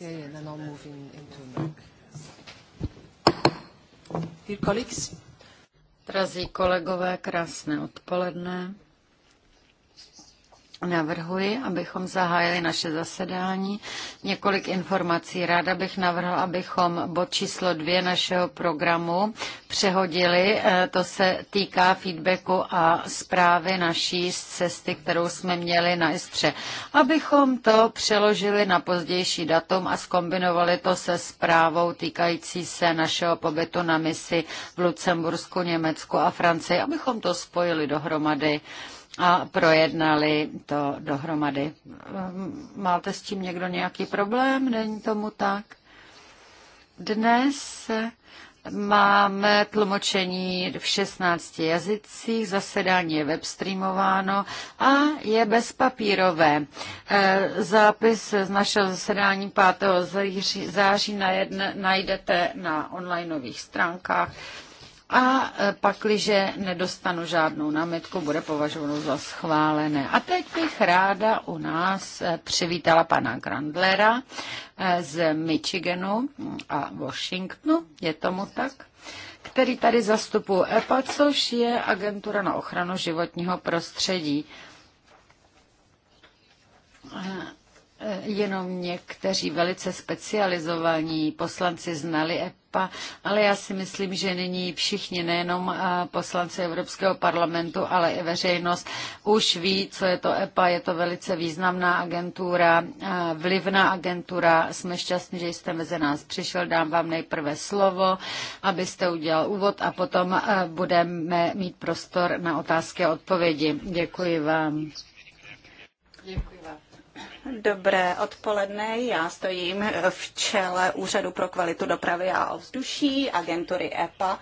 Yeah, yeah, then I'll move in, into Dear colleagues. Drazí kolegové, krásné odpoledne. Navrhuji, abychom zahájili naše zasedání. Několik informací. Ráda bych navrhl, abychom bod číslo dvě našeho programu přehodili. Eh, to se týká feedbacku a zprávy naší z cesty, kterou jsme měli na Istře. Abychom to přeložili na pozdější datum a skombinovali to se zprávou týkající se našeho pobytu na misi v Lucembursku, Německu a Francii, abychom to spojili dohromady a projednali to dohromady. Eh, máte s tím někdo nějaký problém? Není tomu tak? Dnes Máme tlumočení v 16 jazycích, zasedání je webstreamováno a je bezpapírové. Eh, zápis z našeho zasedání 5. září najdete na onlineových stránkách a e, pakliže nedostanu žádnou námitku, bude považováno za schválené. A teď bych ráda u nás e, přivítala pana Grandlera e, z Michiganu a Washingtonu, je tomu tak? který tady zastupuje EPA, což je agentura na ochranu životního prostředí. Eh, jenom někteří velice specializovaní poslanci znali EPA, ale já si myslím, že nyní všichni, nejenom eh, poslanci Evropského parlamentu, ale i veřejnost, už ví, co je to EPA. Je to velice významná agentura, eh, vlivná agentura. Jsme šťastní, že jste mezi nás přišel. Dám vám nejprve slovo, abyste udělal úvod a potom budeme mít prostor na otázky a odpovědi. Děkuji vám. Děkuji. Dobré odpoledne, já stojím v čele Úřadu pro kvalitu dopravy a ovzduší, agentury EPA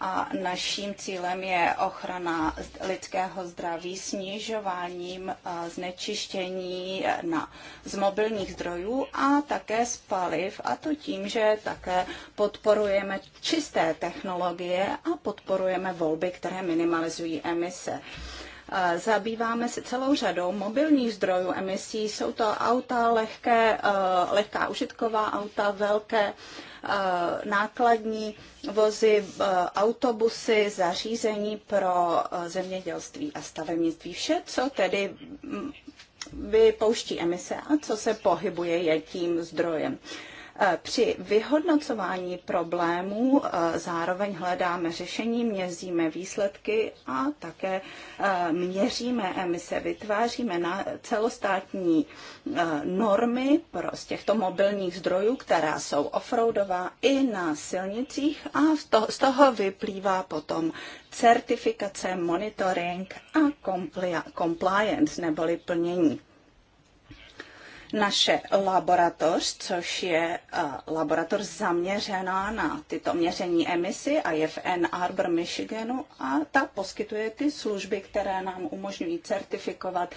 a naším cílem je ochrana lidského zdraví snižováním eh, znečištění na, z mobilních zdrojů a také z paliv a to tím, že také podporujeme čisté technologie a podporujeme volby, které minimalizují emise. Zabýváme se celou řadou mobilních zdrojů emisí. Jsou to auta, lehké, eh, lehká užitková auta, velké eh, nákladní vozy, eh, autobusy, zařízení pro zemědělství a stavebnictví. Vše, co tedy mm, vypouští emise a co se pohybuje, je tím zdrojem. Eh, při vyhodnocování problémů eh, zároveň hledáme řešení, měříme výsledky a také eh, měříme emise, vytváříme na celostátní normy z těchto mobilních zdrojů, která jsou offroadová i na silnicích a z toho vyplývá potom certifikace, monitoring a compliance neboli plnění naše laboratoř, což je eh, laboratoř zaměřená na tyto měření emisí a je v Ann Arbor, Michiganu a ta poskytuje ty služby, které nám umožňují certifikovat,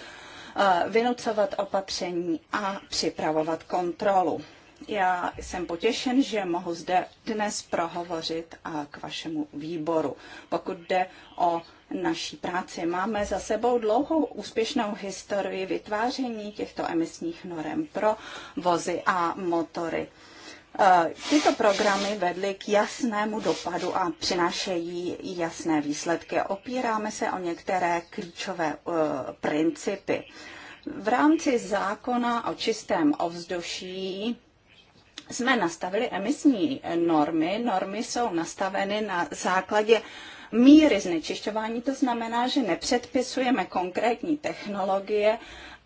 eh, vynucovat opatření a připravovat kontrolu. Já jsem potěšen, že mohu zde dnes prohovořit a k vašemu výboru. Pokud jde o naší práci. Máme za sebou dlouhou úspěšnou historii vytváření těchto emisních norem pro vozy a motory. Eh, tyto programy vedly k jasnému dopadu a přinášejí jasné výsledky. Opíráme se o některé klíčové eh, principy. V rámci zákona o čistém ovzduší jsme nastavili emisní normy. Normy jsou nastaveny na základě uh, míry znečišťování. To znamená, že nepředpisujeme konkrétní technologie,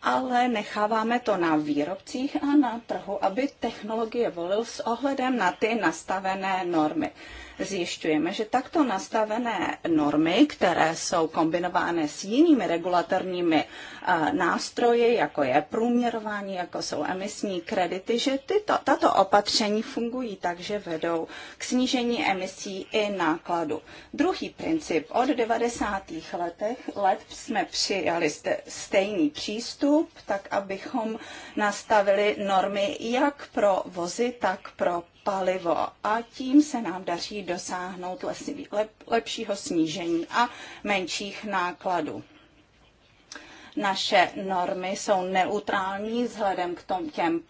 ale necháváme to na výrobcích a na trhu, aby technologie volil s ohledem na ty nastavené normy zjišťujeme, že takto nastavené normy, které jsou kombinovány s jinými regulatorními eh, nástroji, jako je průměrování, jako jsou emisní kredity, že tyto, tato opatření fungují tak, že vedou k snížení emisí i nákladu. Druhý princip. Od 90. letech let jsme přijali stejný přístup, tak abychom nastavili normy jak pro vozy, tak pro palivo a tím se nám daří dosáhnout lepšího snížení a menších nákladů naše normy jsou neutrální vzhledem k tom, těm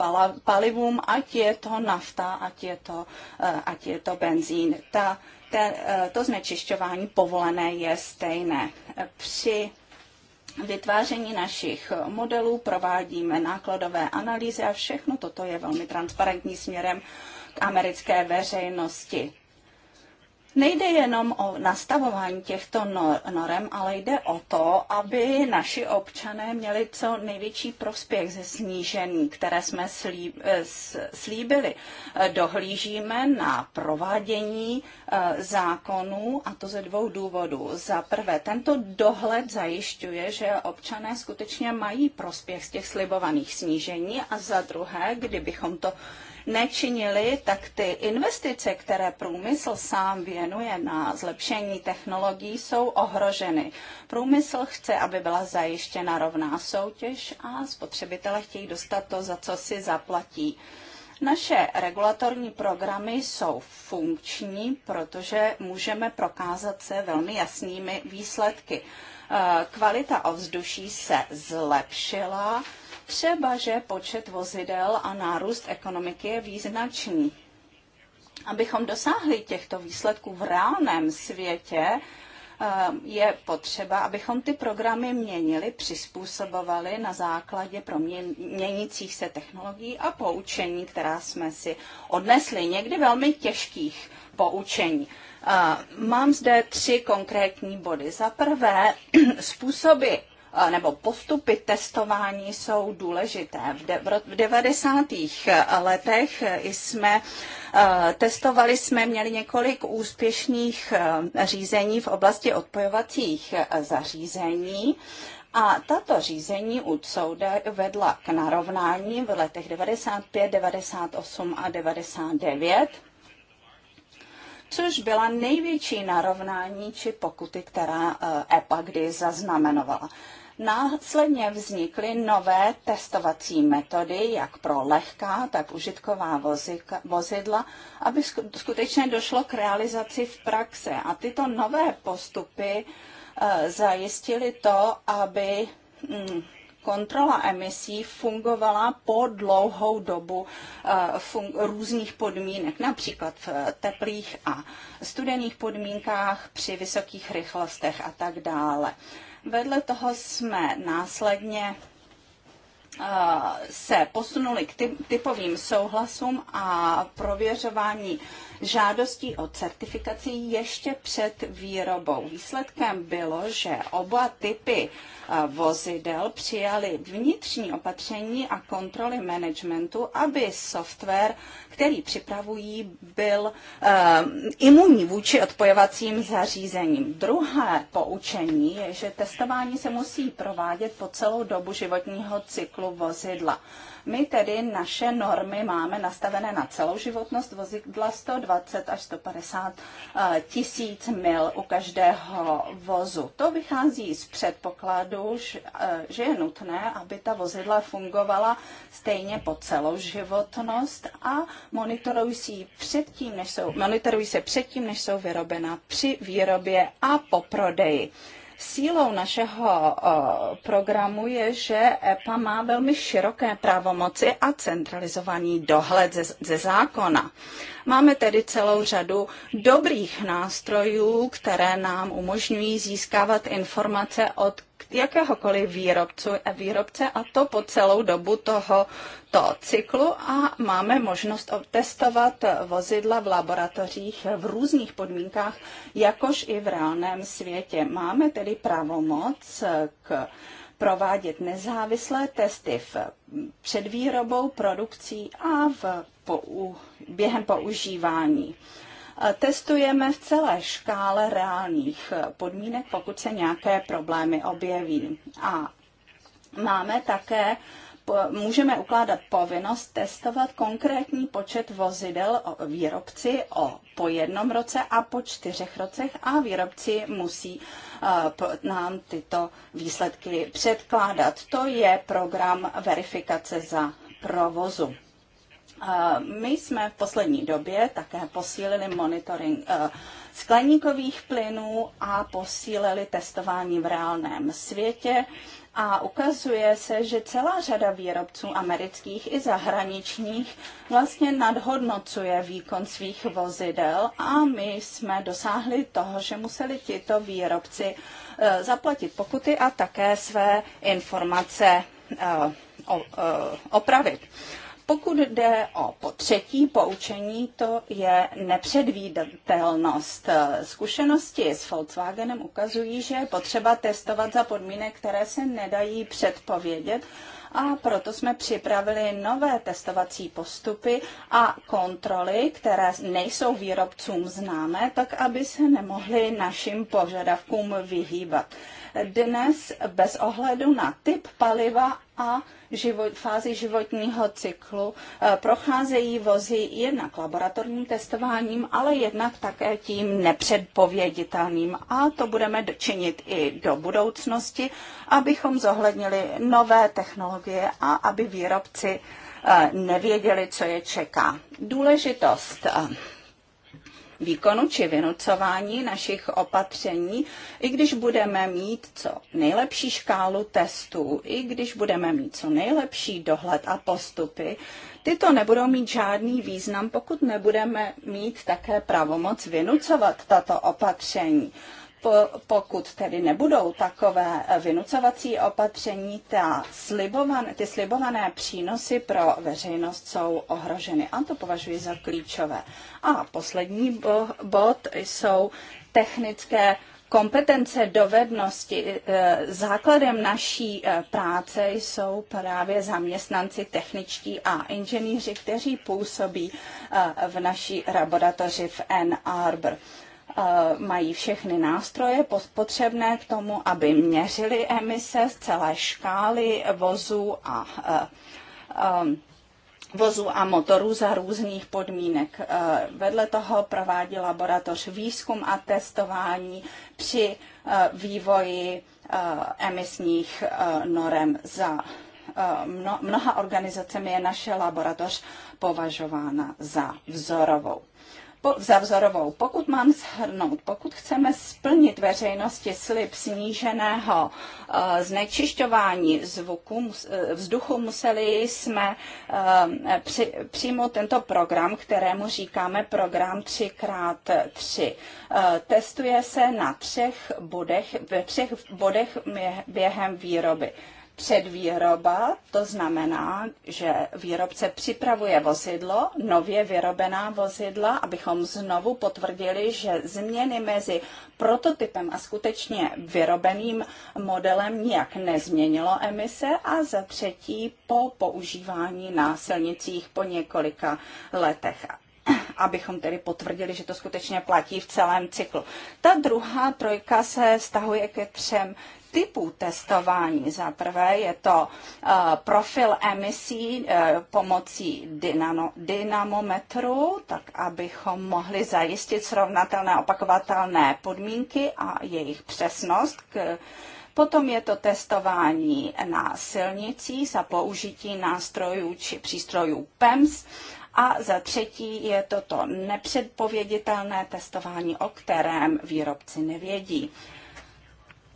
palivům, ať je to nafta, ať je to, eh, ať je to benzín. Ta, te, eh, to znečišťování povolené je stejné. Při vytváření našich modelů provádíme nákladové analýzy a všechno toto je velmi transparentní směrem americké veřejnosti. Nejde jenom o nastavování těchto norem, ale jde o to, aby naši občané měli co největší prospěch ze snížení, které jsme eh, slíbili. Eh, dohlížíme na provádění eh, zákonů a to ze dvou důvodů. Za prvé, tento dohled zajišťuje, že občané skutečně mají prospěch z těch slibovaných snížení a za druhé, kdybychom to nečinili, tak ty investice, které průmysl sám věnuje na zlepšení technologií, jsou ohroženy. Průmysl chce, aby byla zajištěna rovná soutěž a spotřebitele chtějí dostat to, za co si zaplatí. Naše regulatorní programy jsou funkční, protože můžeme prokázat se velmi jasnými výsledky. Eh, kvalita ovzduší se zlepšila, třeba že počet vozidel a nárůst ekonomiky je význačný. Abychom dosáhli těchto výsledků v reálném světě, eh, je potřeba, abychom ty programy měnili, přizpůsobovali na základě proměnících se technologií a poučení, která jsme si odnesli, někdy velmi těžkých poučení. Eh, mám zde tři konkrétní body. Za prvé, způsoby Eh, nebo postupy testování jsou důležité. V 90. Eh, letech eh, jsme testovali, jsme měli několik úspěšných řízení v oblasti odpojovacích zařízení. A tato řízení u souda vedla k narovnání v letech 95, 98 a 99, což byla největší narovnání či pokuty, která EPA kdy zaznamenovala. Následně vznikly nové testovací metody, jak pro lehká, tak užitková vozidla, aby skutečně došlo k realizaci v praxe. A tyto nové postupy eh, zajistily to, aby mm, kontrola emisí fungovala po dlouhou dobu eh, různých podmínek, například v teplých a studených podmínkách, při vysokých rychlostech a tak dále. Vedle toho jsme následně eh, se posunuli k typovým souhlasům a prověřování žádostí o certifikaci ještě před výrobou. Výsledkem bylo, že oba typy eh, vozidel přijali vnitřní opatření a kontroly managementu, aby software, který připravují, byl eh, imunní vůči odpojovacím zařízením. Druhé poučení je, že testování se musí provádět po celou dobu životního cyklu vozidla. My tedy naše normy máme nastavené na celou životnost vozidla 120 až 150 eh, tisíc mil u každého vozu. To vychází z předpokladu, eh, že je nutné, aby ta vozidla fungovala stejně po celou životnost a monitorují se předtím, než jsou, monitorují se předtím, než jsou vyrobena při výrobě a po prodeji. Sílou našeho programu je, že EPA má velmi široké právomoci a centralizovaný dohled ze, ze zákona. Máme tedy celou řadu dobrých nástrojů, které nám umožňují získávat informace od jakéhokoliv výrobcu a e, výrobce a to po celou dobu toho to cyklu a máme možnost testovat vozidla v laboratořích v různých podmínkách, jakož i v reálném světě. Máme tedy pravomoc k provádět nezávislé testy v před výrobou, produkcí a v pou, během používání testujeme v celé škále reálných podmínek, pokud se nějaké problémy objeví. A máme také můžeme ukládat povinnost testovat konkrétní počet vozidel výrobci o, po jednom roce a po čtyřech rocech a výrobci musí nám tyto výsledky předkládat. To je program verifikace za provozu. My jsme v poslední době také posílili monitoring eh, skleníkových plynů a posílili testování v reálném světě. A ukazuje se, že celá řada výrobců amerických i zahraničních vlastně nadhodnocuje výkon svých vozidel a my jsme dosáhli toho, že museli tito výrobci eh, zaplatit pokuty a také své informace eh, opravit. Pokud jde o po třetí poučení, to je nepředvídatelnost. Zkušenosti s Volkswagenem ukazují, že je potřeba testovat za podmínek, které se nedají předpovědět a proto jsme připravili nové testovací postupy a kontroly, které nejsou výrobcům známé, tak aby se nemohli našim požadavkům vyhýbat. Dnes bez ohledu na typ paliva a život, fázi životního cyklu e, procházejí vozy jednak laboratorním testováním, ale jednak také tím nepředpověditelným. A to budeme činit i do budoucnosti, abychom zohlednili nové technologie a aby výrobci e, nevěděli, co je čeká. Důležitost e, výkonu či vynucování našich opatření, i když budeme mít co nejlepší škálu testů, i když budeme mít co nejlepší dohled a postupy, tyto nebudou mít žádný význam, pokud nebudeme mít také pravomoc vynucovat tato opatření pokud tedy nebudou takové vynucovací opatření, ta slibovan, ty slibované přínosy pro veřejnost jsou ohroženy. A to považuji za klíčové. A poslední bod jsou technické kompetence, dovednosti. E, základem naší e, práce jsou právě zaměstnanci techničtí a inženýři, kteří působí e, v naší laboratoři v Ann Arbor. Eh, mají všechny nástroje potřebné k tomu, aby měřili emise z celé škály vozů a, a eh, vozů a motorů za různých podmínek. Eh, vedle toho provádí laboratoř výzkum a testování při vývoji emisních norem za mnoha organizacemi je naše laboratoř považována za vzorovou za vzorovou. Pokud mám shrnout, pokud chceme splnit veřejnosti slib sníženého eh, znečišťování zvuku, eh, vzduchu, museli jsme eh, při, přijmout tento program, kterému říkáme program 3x3. Testuje se na třech bodech, ve třech bodech během výroby. Předvýroba, to znamená, že výrobce připravuje vozidlo, nově vyrobená vozidla, abychom znovu potvrdili, že změny mezi prototypem a skutečně vyrobeným modelem nijak nezměnilo emise a za třetí po používání na silnicích po několika letech abychom tedy potvrdili, že to skutečně platí v celém cyklu. Ta druhá trojka se stahuje ke třem typů testování. Za prvé je to eh, profil emisí eh, pomocí dynano, dynamometru, tak abychom mohli zajistit srovnatelné opakovatelné podmínky a jejich přesnost. K, Potom je to testování na silnicích za použití nástrojů či přístrojů PEMS a za třetí je toto nepředpověditelné testování, o kterém výrobci nevědí.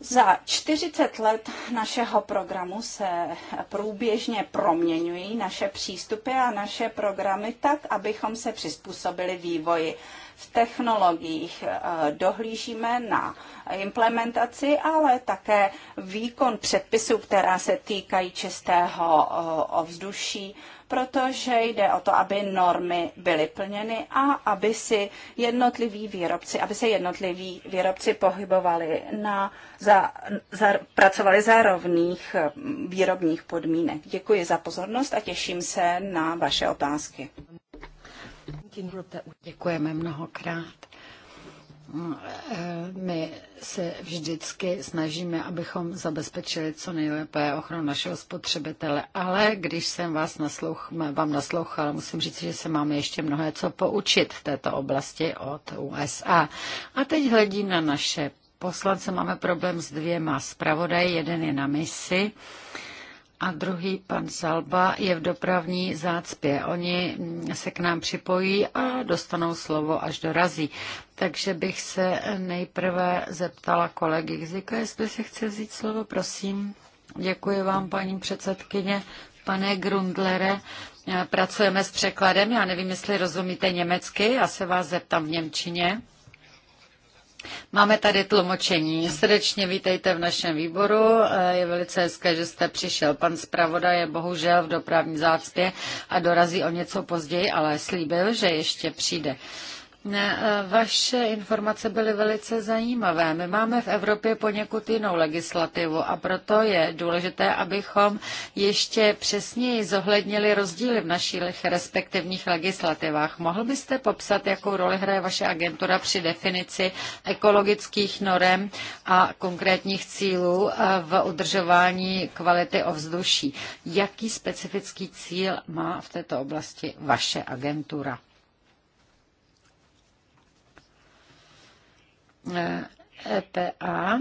Za 40 let našeho programu se průběžně proměňují naše přístupy a naše programy tak, abychom se přizpůsobili vývoji v technologiích. Eh, dohlížíme na implementaci, ale také výkon předpisů, která se týkají čistého eh, ovzduší, protože jde o to, aby normy byly plněny a aby si jednotliví výrobci, aby se jednotliví výrobci pohybovali na, za, za, pracovali za rovných eh, výrobních podmínek. Děkuji za pozornost a těším se na vaše otázky. Děkujeme mnohokrát. My se vždycky snažíme, abychom zabezpečili co nejlépe ochranu našeho spotřebitele, ale když jsem vás naslouch, vám naslouchala, musím říct, že se máme ještě mnohé co poučit v této oblasti od USA. A teď hledím na naše poslance. Máme problém s dvěma zpravodaji, jeden je na misi. Uh, a druhý pan Salba je v dopravní zácpě. Oni se k nám připojí a dostanou slovo, až dorazí. Takže bych se nejprve zeptala kolegy Gzika, jestli se chce vzít slovo, prosím. Děkuji vám, paní předsedkyně. Pane Grundlere, pracujeme s překladem. Já nevím, jestli rozumíte německy. Já se vás zeptám v Němčině. Máme tady tlumočení. Srdečně vítejte v našem výboru. Eh, je velice hezké, že jste přišel. Pan zpravodaj je bohužel v dopravní zácpě a dorazí o něco později, ale slíbil, že ještě přijde. Eh, vaše informace byly velice zajímavé. My máme v Evropě poněkud jinou legislativu a proto je důležité, abychom ještě přesněji zohlednili rozdíly v našich respektivních legislativách. Mohl byste popsat, jakou roli hraje vaše agentura při definici ekologických norem a konkrétních cílů eh, v udržování kvality ovzduší? Jaký specifický cíl má v této oblasti vaše agentura? EPA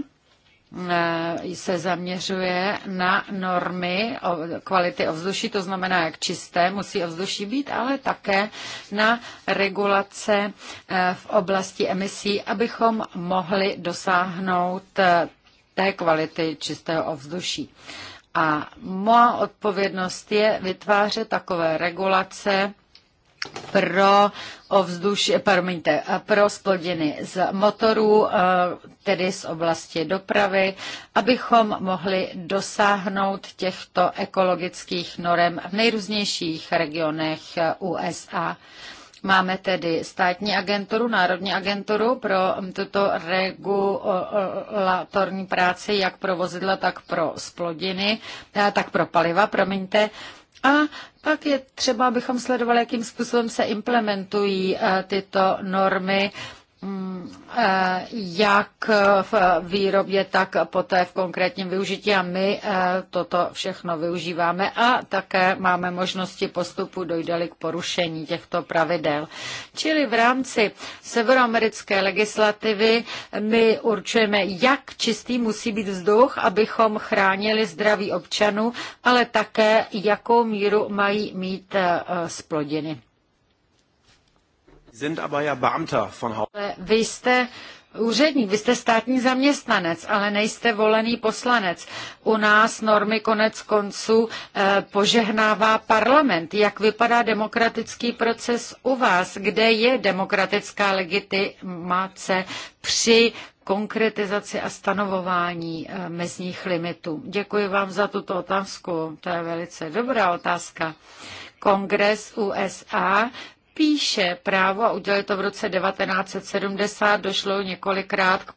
e, se zaměřuje na normy kvality ovzduší, to znamená, jak čisté musí ovzduší být, ale také na regulace e, v oblasti emisí, abychom mohli dosáhnout e, té kvality čistého ovzduší. A moja odpovědnost je vytvářet takové regulace, pro ovzduši, promiňte, pro splodiny z motorů, eh, tedy z oblasti dopravy, abychom mohli dosáhnout těchto ekologických norem v nejrůznějších regionech USA. Máme tedy státní agenturu, národní agenturu pro tuto regulatorní práci, jak pro vozidla, tak pro splodiny, eh, tak pro paliva, promiňte. A pak je třeba, abychom sledovali, jakým způsobem se implementují eh, tyto normy Mm, eh, jak v výrobě, tak poté v konkrétním využití. A my eh, toto všechno využíváme a také máme možnosti postupu, dojdeli k porušení těchto pravidel. Čili v rámci severoamerické legislativy my určujeme, jak čistý musí být vzduch, abychom chránili zdraví občanů, ale také jakou míru mají mít eh, splodiny. Vy jste úředník, vy jste státní zaměstnanec, ale nejste volený poslanec. U nás normy konec konců eh, požehnává parlament. Jak vypadá demokratický proces u vás? Kde je demokratická legitimace při konkretizaci a stanovování eh, mezních limitů? Děkuji vám za tuto otázku. To je velice dobrá otázka. Kongres USA píše právo a udělali to v roce 1970, došlo několikrát k,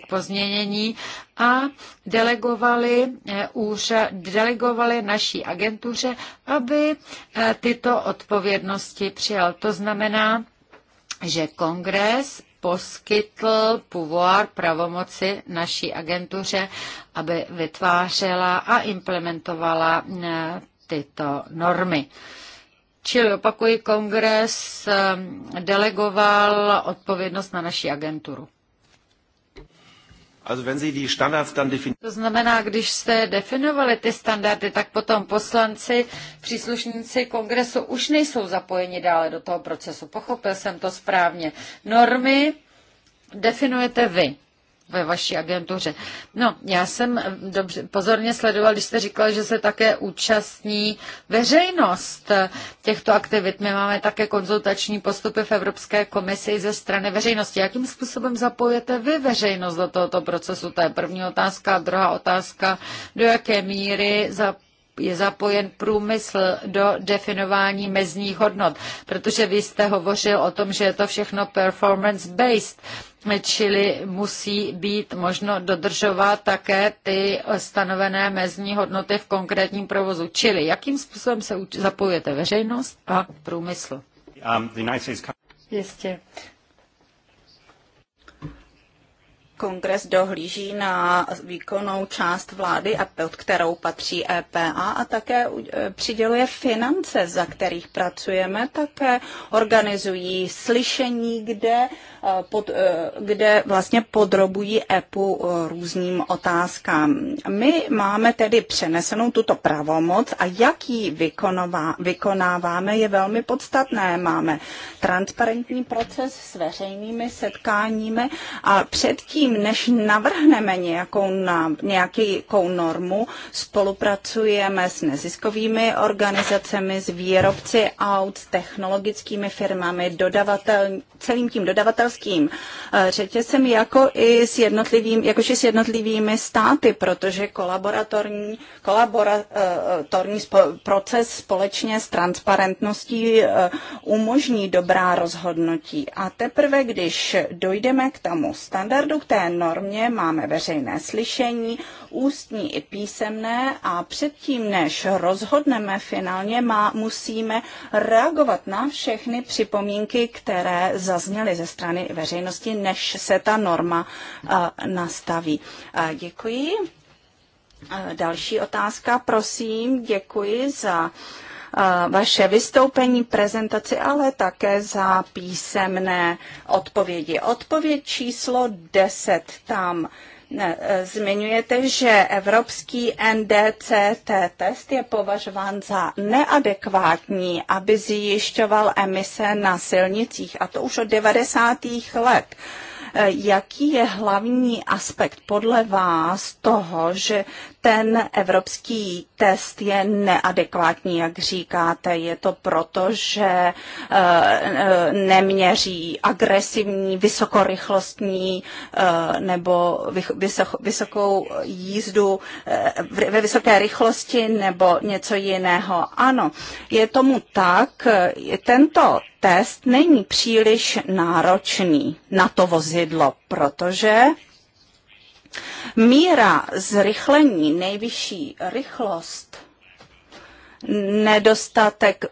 k pozměnění a delegovali, eh, úřad, delegovali naší agentuře, aby eh, tyto odpovědnosti přijal. To znamená, že kongres poskytl původ pravomoci naší agentuře, aby vytvářela a implementovala eh, tyto normy. Čili opakuji, kongres eh, delegoval odpovědnost na naši agenturu. To znamená, když jste definovali ty standardy, tak potom poslanci, příslušníci kongresu už nejsou zapojeni dále do toho procesu. Pochopil jsem to správně. Normy definujete vy ve vaší agentuře. No, já jsem dobře, pozorně sledoval, když jste říkal, že se také účastní veřejnost těchto aktivit. My máme také konzultační postupy v Evropské komisi ze strany veřejnosti. Jakým způsobem zapojete vy veřejnost do tohoto procesu? To je první otázka. A druhá otázka, do jaké míry za je zapojen průmysl do definování mezních hodnot, protože vy jste hovořil o tom, že je to všechno performance-based čili musí být možno dodržovat také ty stanovené mezní hodnoty v konkrétním provozu. Čili jakým způsobem se zapojujete veřejnost a průmysl? Um, Jistě. kongres dohlíží na výkonnou část vlády, a pod kterou patří EPA a také e, přiděluje finance, za kterých pracujeme, také organizují slyšení, kde, e, pod, e, kde vlastně podrobují EPU různým otázkám. My máme tedy přenesenou tuto pravomoc a jak ji vykonáváme je velmi podstatné. Máme transparentní proces s veřejnými setkáními a předtím, než navrhneme nějakou, nějakou normu, spolupracujeme s neziskovými organizacemi, s výrobci aut, s technologickými firmami, dodavatel, celým tím dodavatelským eh, řetězem, jako i s jednotlivým, i s jednotlivými státy, protože kolaboratorní, kolaboratorní eh, proces společně s transparentností eh, umožní dobrá rozhodnutí. A teprve, když dojdeme k tomu standardu, který té normě máme veřejné slyšení, ústní i písemné a předtím, než rozhodneme finálně, má, musíme reagovat na všechny připomínky, které zazněly ze strany veřejnosti, než se ta norma eh, nastaví. Eh, děkuji. Eh, další otázka, prosím. Děkuji za vaše vystoupení, prezentaci, ale také za písemné odpovědi. Odpověď číslo 10 tam e, zmiňujete, že evropský NDCT test je považován za neadekvátní, aby zjišťoval emise na silnicích, a to už od 90. let. E, jaký je hlavní aspekt podle vás toho, že ten evropský test je neadekvátní, jak říkáte. Je to proto, že eh, eh, neměří agresivní, vysokorychlostní eh, nebo vysokou jízdu ve vysoké rychlosti nebo něco jiného. Ano, je tomu tak. Tento test není příliš náročný na to vozidlo, protože míra zrychlení, nejvyšší rychlost, nedostatek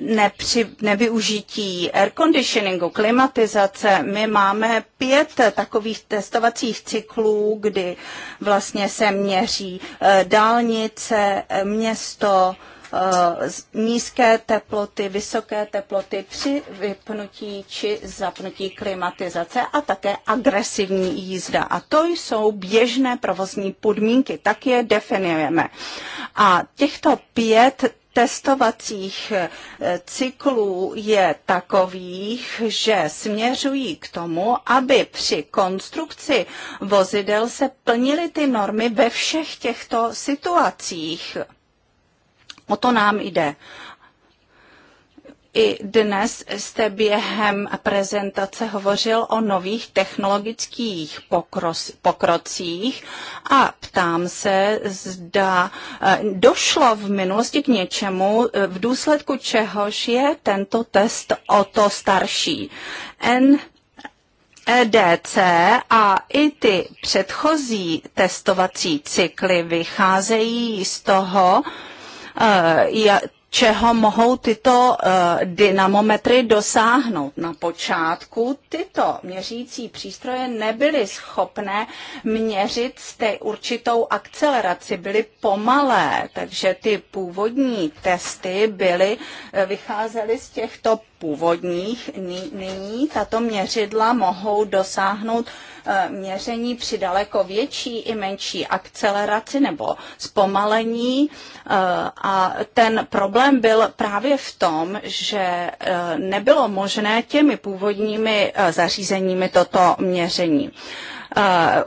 nepři, nevyužití air conditioningu, klimatizace. My máme pět takových testovacích cyklů, kdy vlastně se měří eh, dálnice, eh, město, Eh, nízké teploty, vysoké teploty při vypnutí či zapnutí klimatizace a také agresivní jízda. A to jsou běžné provozní podmínky, tak je definujeme. A těchto pět testovacích eh, cyklů je takových, že směřují k tomu, aby při konstrukci vozidel se plnily ty normy ve všech těchto situacích. O to nám jde. I dnes jste během prezentace hovořil o nových technologických pokros, pokrocích a ptám se, zda eh, došlo v minulosti k něčemu, eh, v důsledku čehož je tento test o to starší. N EDC a i ty předchozí testovací cykly vycházejí z toho, Eh, čeho mohou tyto eh, dynamometry dosáhnout. Na počátku tyto měřící přístroje nebyly schopné měřit té určitou akceleraci, byly pomalé, takže ty původní testy byly, eh, vycházely z těchto původních. Nyní tato měřidla mohou dosáhnout eh, měření při daleko větší i menší akceleraci nebo zpomalení. Eh, a ten problém byl právě v tom, že eh, nebylo možné těmi původními zařízeními toto měření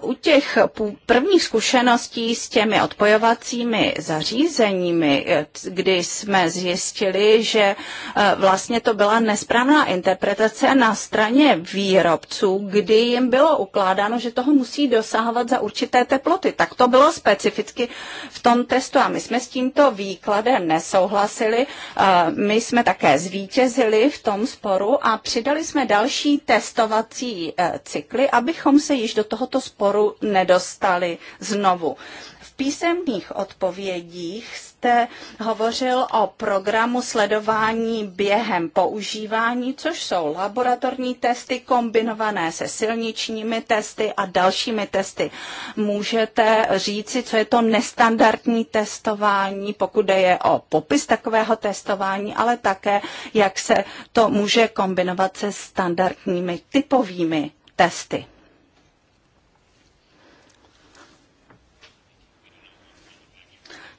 u těch prvních zkušeností s těmi odpojovacími zařízeními, eh, kdy jsme zjistili, že eh, vlastně to byla nesprávná interpretace na straně výrobců, kdy jim bylo ukládáno, že toho musí dosahovat za určité teploty. Tak to bylo specificky v tom testu a my jsme s tímto výkladem nesouhlasili. Eh, my jsme také zvítězili v tom sporu a přidali jsme další testovací cykly, abychom se již do tohoto sporu nedostali znovu. V písemných odpovědích jste hovořil o programu sledování během používání, což jsou laboratorní testy kombinované se silničními testy a dalšími testy. Můžete říci, co je to nestandardní testování, pokud je o popis takového testování, ale také, jak se to může kombinovat se standardními typovými testy.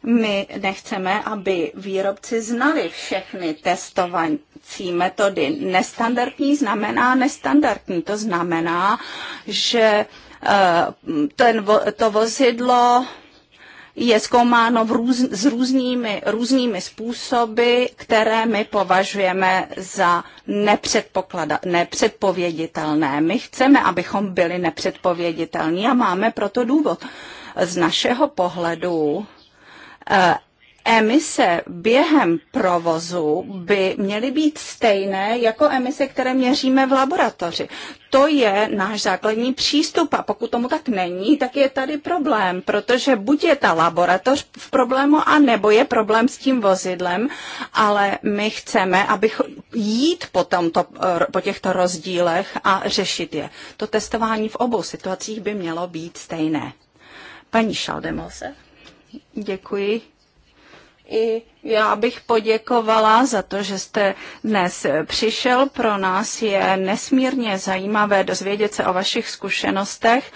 My nechceme, aby výrobci znali všechny testovací metody. Nestandardní znamená nestandardní. To znamená, že eh, ten, to vozidlo je zkoumáno v růz, s různými, různými způsoby, které my považujeme za nepředpověditelné. My chceme, abychom byli nepředpověditelní a máme proto důvod. Z našeho pohledu Eh, emise během provozu by měly být stejné jako emise, které měříme v laboratoři. To je náš základní přístup a pokud tomu tak není, tak je tady problém, protože buď je ta laboratoř v problému, a nebo je problém s tím vozidlem, ale my chceme, abych jít po, tomto, eh, po těchto rozdílech a řešit je. To testování v obou situacích by mělo být stejné. Paní Šaldemose. Děkuji. I já bych poděkovala za to, že jste dnes přišel. Pro nás je nesmírně zajímavé dozvědět se o vašich zkušenostech.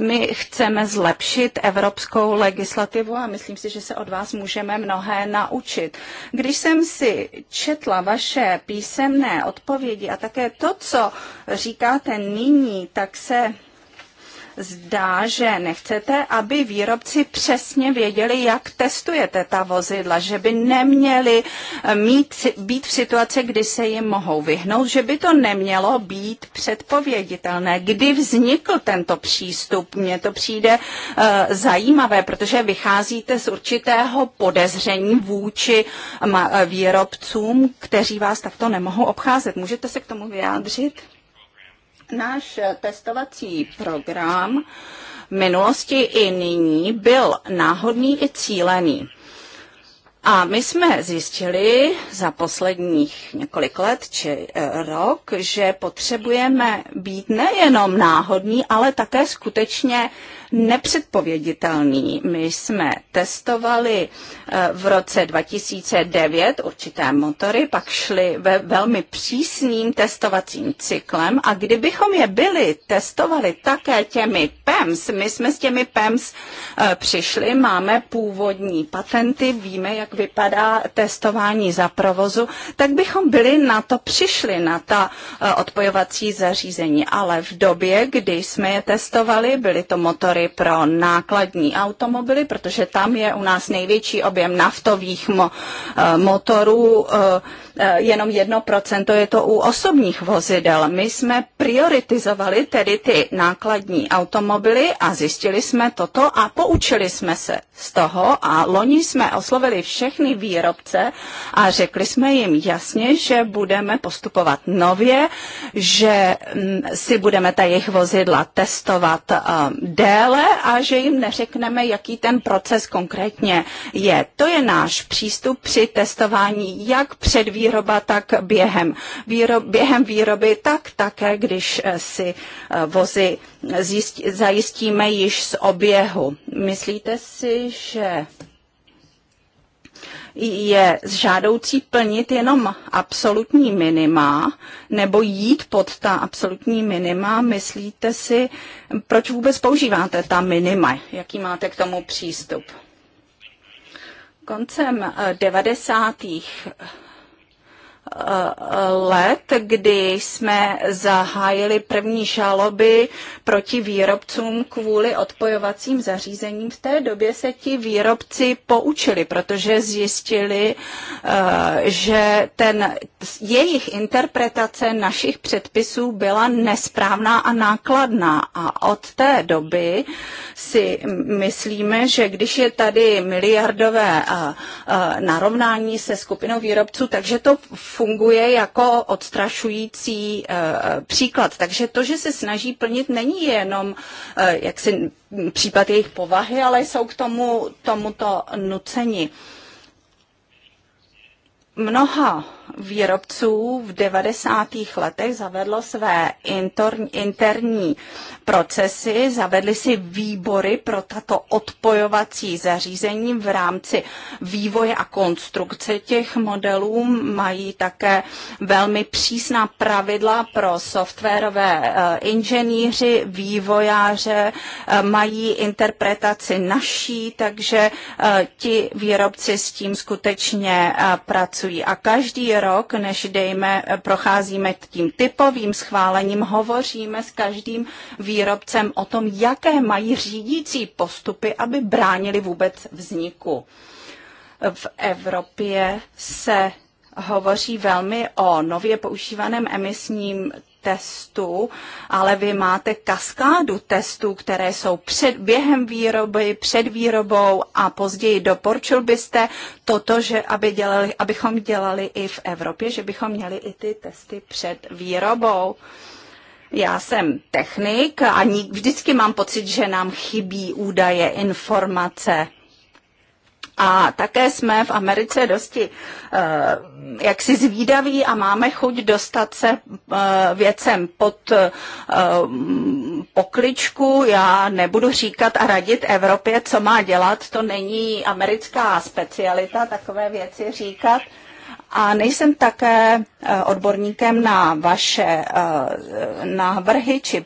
My chceme zlepšit evropskou legislativu a myslím si, že se od vás můžeme mnohé naučit. Když jsem si četla vaše písemné odpovědi a také to, co říkáte nyní, tak se zdá, že nechcete, aby výrobci přesně věděli, jak testujete ta vozidla, že by neměli eh, mít, být v situaci, kdy se jim mohou vyhnout, že by to nemělo být předpověditelné. Kdy vznikl tento přístup? Mně to přijde uh, zajímavé, protože vycházíte z určitého podezření vůči eh, výrobcům, kteří vás takto nemohou obcházet. Můžete se k tomu vyjádřit? Náš testovací program v minulosti i nyní byl náhodný i cílený. A my jsme zjistili za posledních několik let či eh, rok, že potřebujeme být nejenom náhodní, ale také skutečně nepředpověditelný. My jsme testovali eh, v roce 2009 určité motory, pak šly ve velmi přísným testovacím cyklem a kdybychom je byli testovali také těmi PEMS, my jsme s těmi PEMS eh, přišli, máme původní patenty, víme, jak vypadá testování za provozu, tak bychom byli na to přišli, na ta eh, odpojovací zařízení. Ale v době, kdy jsme je testovali, byly to motory, motory pro nákladní automobily, protože tam je u nás největší objem naftových mo- eh, motorů, eh, eh, jenom 1% je to u osobních vozidel. My jsme prioritizovali tedy ty nákladní automobily a zjistili jsme toto a poučili jsme se z toho a loni jsme oslovili všechny výrobce a řekli jsme jim jasně, že budeme postupovat nově, že mm, si budeme ta jejich vozidla testovat um, déle déle a že jim neřekneme, jaký ten proces konkrétně je. To je náš přístup při testování jak před výroba, tak během, výro, během výroby, tak také, když eh, si eh, vozy zjist, zajistíme již z oběhu. Myslíte si, že je žádoucí plnit jenom absolutní minima nebo jít pod ta absolutní minima, myslíte si, proč vůbec používáte ta minima? Jaký máte k tomu přístup? Koncem 90 eh, Eh, let, kdy jsme zahájili první žaloby proti výrobcům kvůli odpojovacím zařízením. V té době se ti výrobci poučili, protože zjistili, eh, že ten, jejich interpretace našich předpisů byla nesprávná a nákladná. A od té doby si myslíme, že když je tady miliardové eh, narovnání se skupinou výrobců, takže to funguje jako odstrašující eh, příklad. Takže to, že se snaží plnit, není jenom eh, jaksi případ jejich povahy, ale jsou k tomu, tomuto nuceni. Mnoha výrobců v 90. letech zavedlo své interní procesy, zavedly si výbory pro tato odpojovací zařízení v rámci vývoje a konstrukce těch modelů. Mají také velmi přísná pravidla pro softwarové eh, inženýři, vývojáře, eh, mají interpretaci naší, takže eh, ti výrobci s tím skutečně pracují. A každý rok, než dejme, procházíme tím typovým schválením, hovoříme s každým výrobcem o tom, jaké mají řídící postupy, aby bránili vůbec vzniku. V Evropě se hovoří velmi o nově používaném emisním testů, ale vy máte kaskádu testů, které jsou před, během výroby, před výrobou a později doporučil byste toto, že aby dělali, abychom dělali i v Evropě, že bychom měli i ty testy před výrobou. Já jsem technik a vždycky mám pocit, že nám chybí údaje, informace. A také jsme v Americe dosti eh, jaksi zvídaví a máme chuť dostat se eh, věcem pod eh, mm, pokličku. Já nebudu říkat a radit Evropě, co má dělat, to není americká specialita takové věci říkat. A nejsem také eh, odborníkem na vaše eh, návrhy či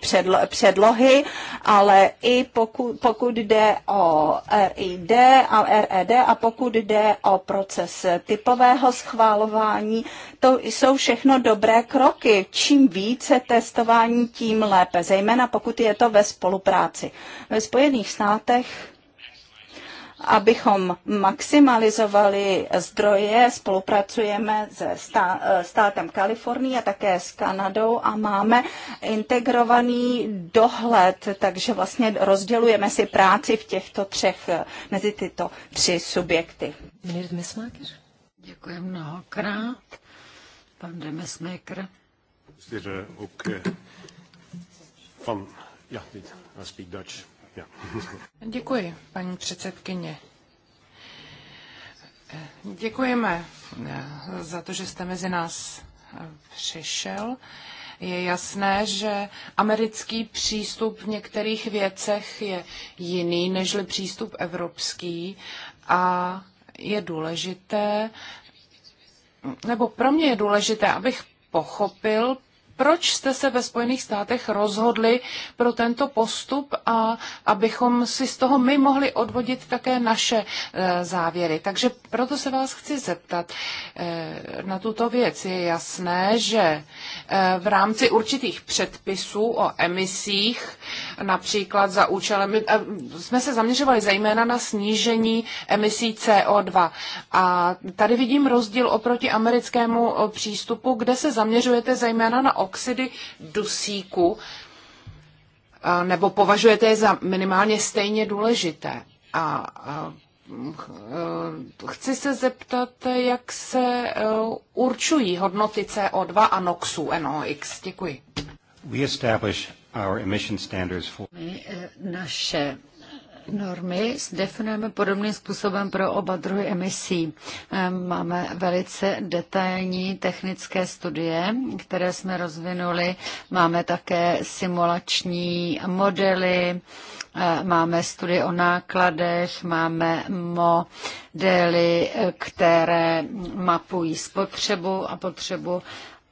předlohy, ale i pokud, pokud jde o RID a RED a pokud jde o proces typového schválování, to jsou všechno dobré kroky. Čím více testování, tím lépe, zejména pokud je to ve spolupráci. Ve Spojených státech Abychom maximalizovali zdroje, spolupracujeme se eh, státem Kalifornie a také s Kanadou a máme integrovaný dohled, takže vlastně rozdělujeme si práci v těchto třech, eh, mezi tyto tři subjekty. Děkuji mnohokrát. Pan Demesmaker. Van, ja, I speak Dutch. Děkuji, paní předsedkyně. Děkujeme eh, za to, že jste mezi nás eh, přišel. Je jasné, že americký přístup v některých věcech je jiný než přístup evropský a je důležité, nebo pro mě je důležité, abych pochopil, proč jste se ve Spojených státech rozhodli pro tento postup a abychom si z toho my mohli odvodit také naše e, závěry? Takže proto se vás chci zeptat e, na tuto věc. Je jasné, že e, v rámci určitých předpisů o emisích například za účelem, eh, jsme se zaměřovali zejména na snížení emisí CO2. A tady vidím rozdíl oproti americkému eh, přístupu, kde se zaměřujete zejména na oxidy dusíku, eh, nebo považujete je za minimálně stejně důležité. A chci se zeptat, jak se určují hodnoty CO2 a NOXu, NOx. Děkuji. We establish my, eh, naše normy definujeme podobným způsobem pro oba druhy emisí. Eh, máme velice detailní technické studie, které jsme rozvinuli. Máme také simulační modely, eh, máme studie o nákladech, máme modely, které mapují spotřebu a potřebu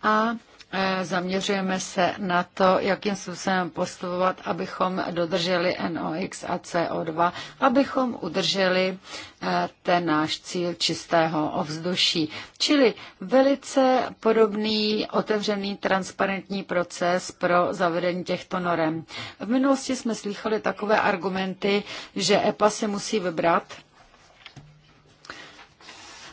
a E, zaměřujeme se na to, jakým způsobem postupovat, abychom dodrželi NOx a CO2, abychom udrželi e, ten náš cíl čistého ovzduší. Čili velice podobný otevřený transparentní proces pro zavedení těchto norem. V minulosti jsme slychali takové argumenty, že EPA se musí vybrat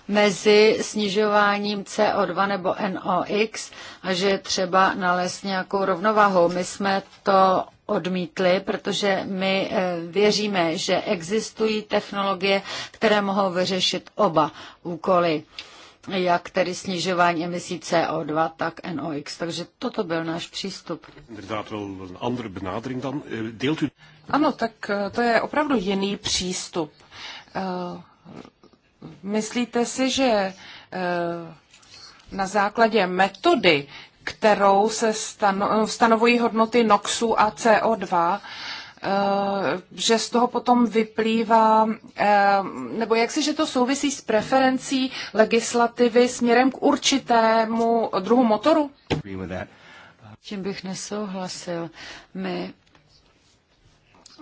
mezi snižováním CO2 nebo NOx a že je třeba nalézt nějakou rovnovahu. My jsme to odmítli, protože my eh, věříme, že existují technologie, které mohou vyřešit oba úkoly jak tedy snižování emisí CO2, tak NOx. Takže toto byl náš přístup. Eh, ano, tak eh, to je opravdu jiný přístup. Myslíte si, že eh, na základě metody, kterou se stano, stanovují hodnoty NOXu a CO2, eh, že z toho potom vyplývá, eh, nebo jak si, že to souvisí s preferencí legislativy směrem k určitému druhu motoru? Čím bych nesouhlasil? My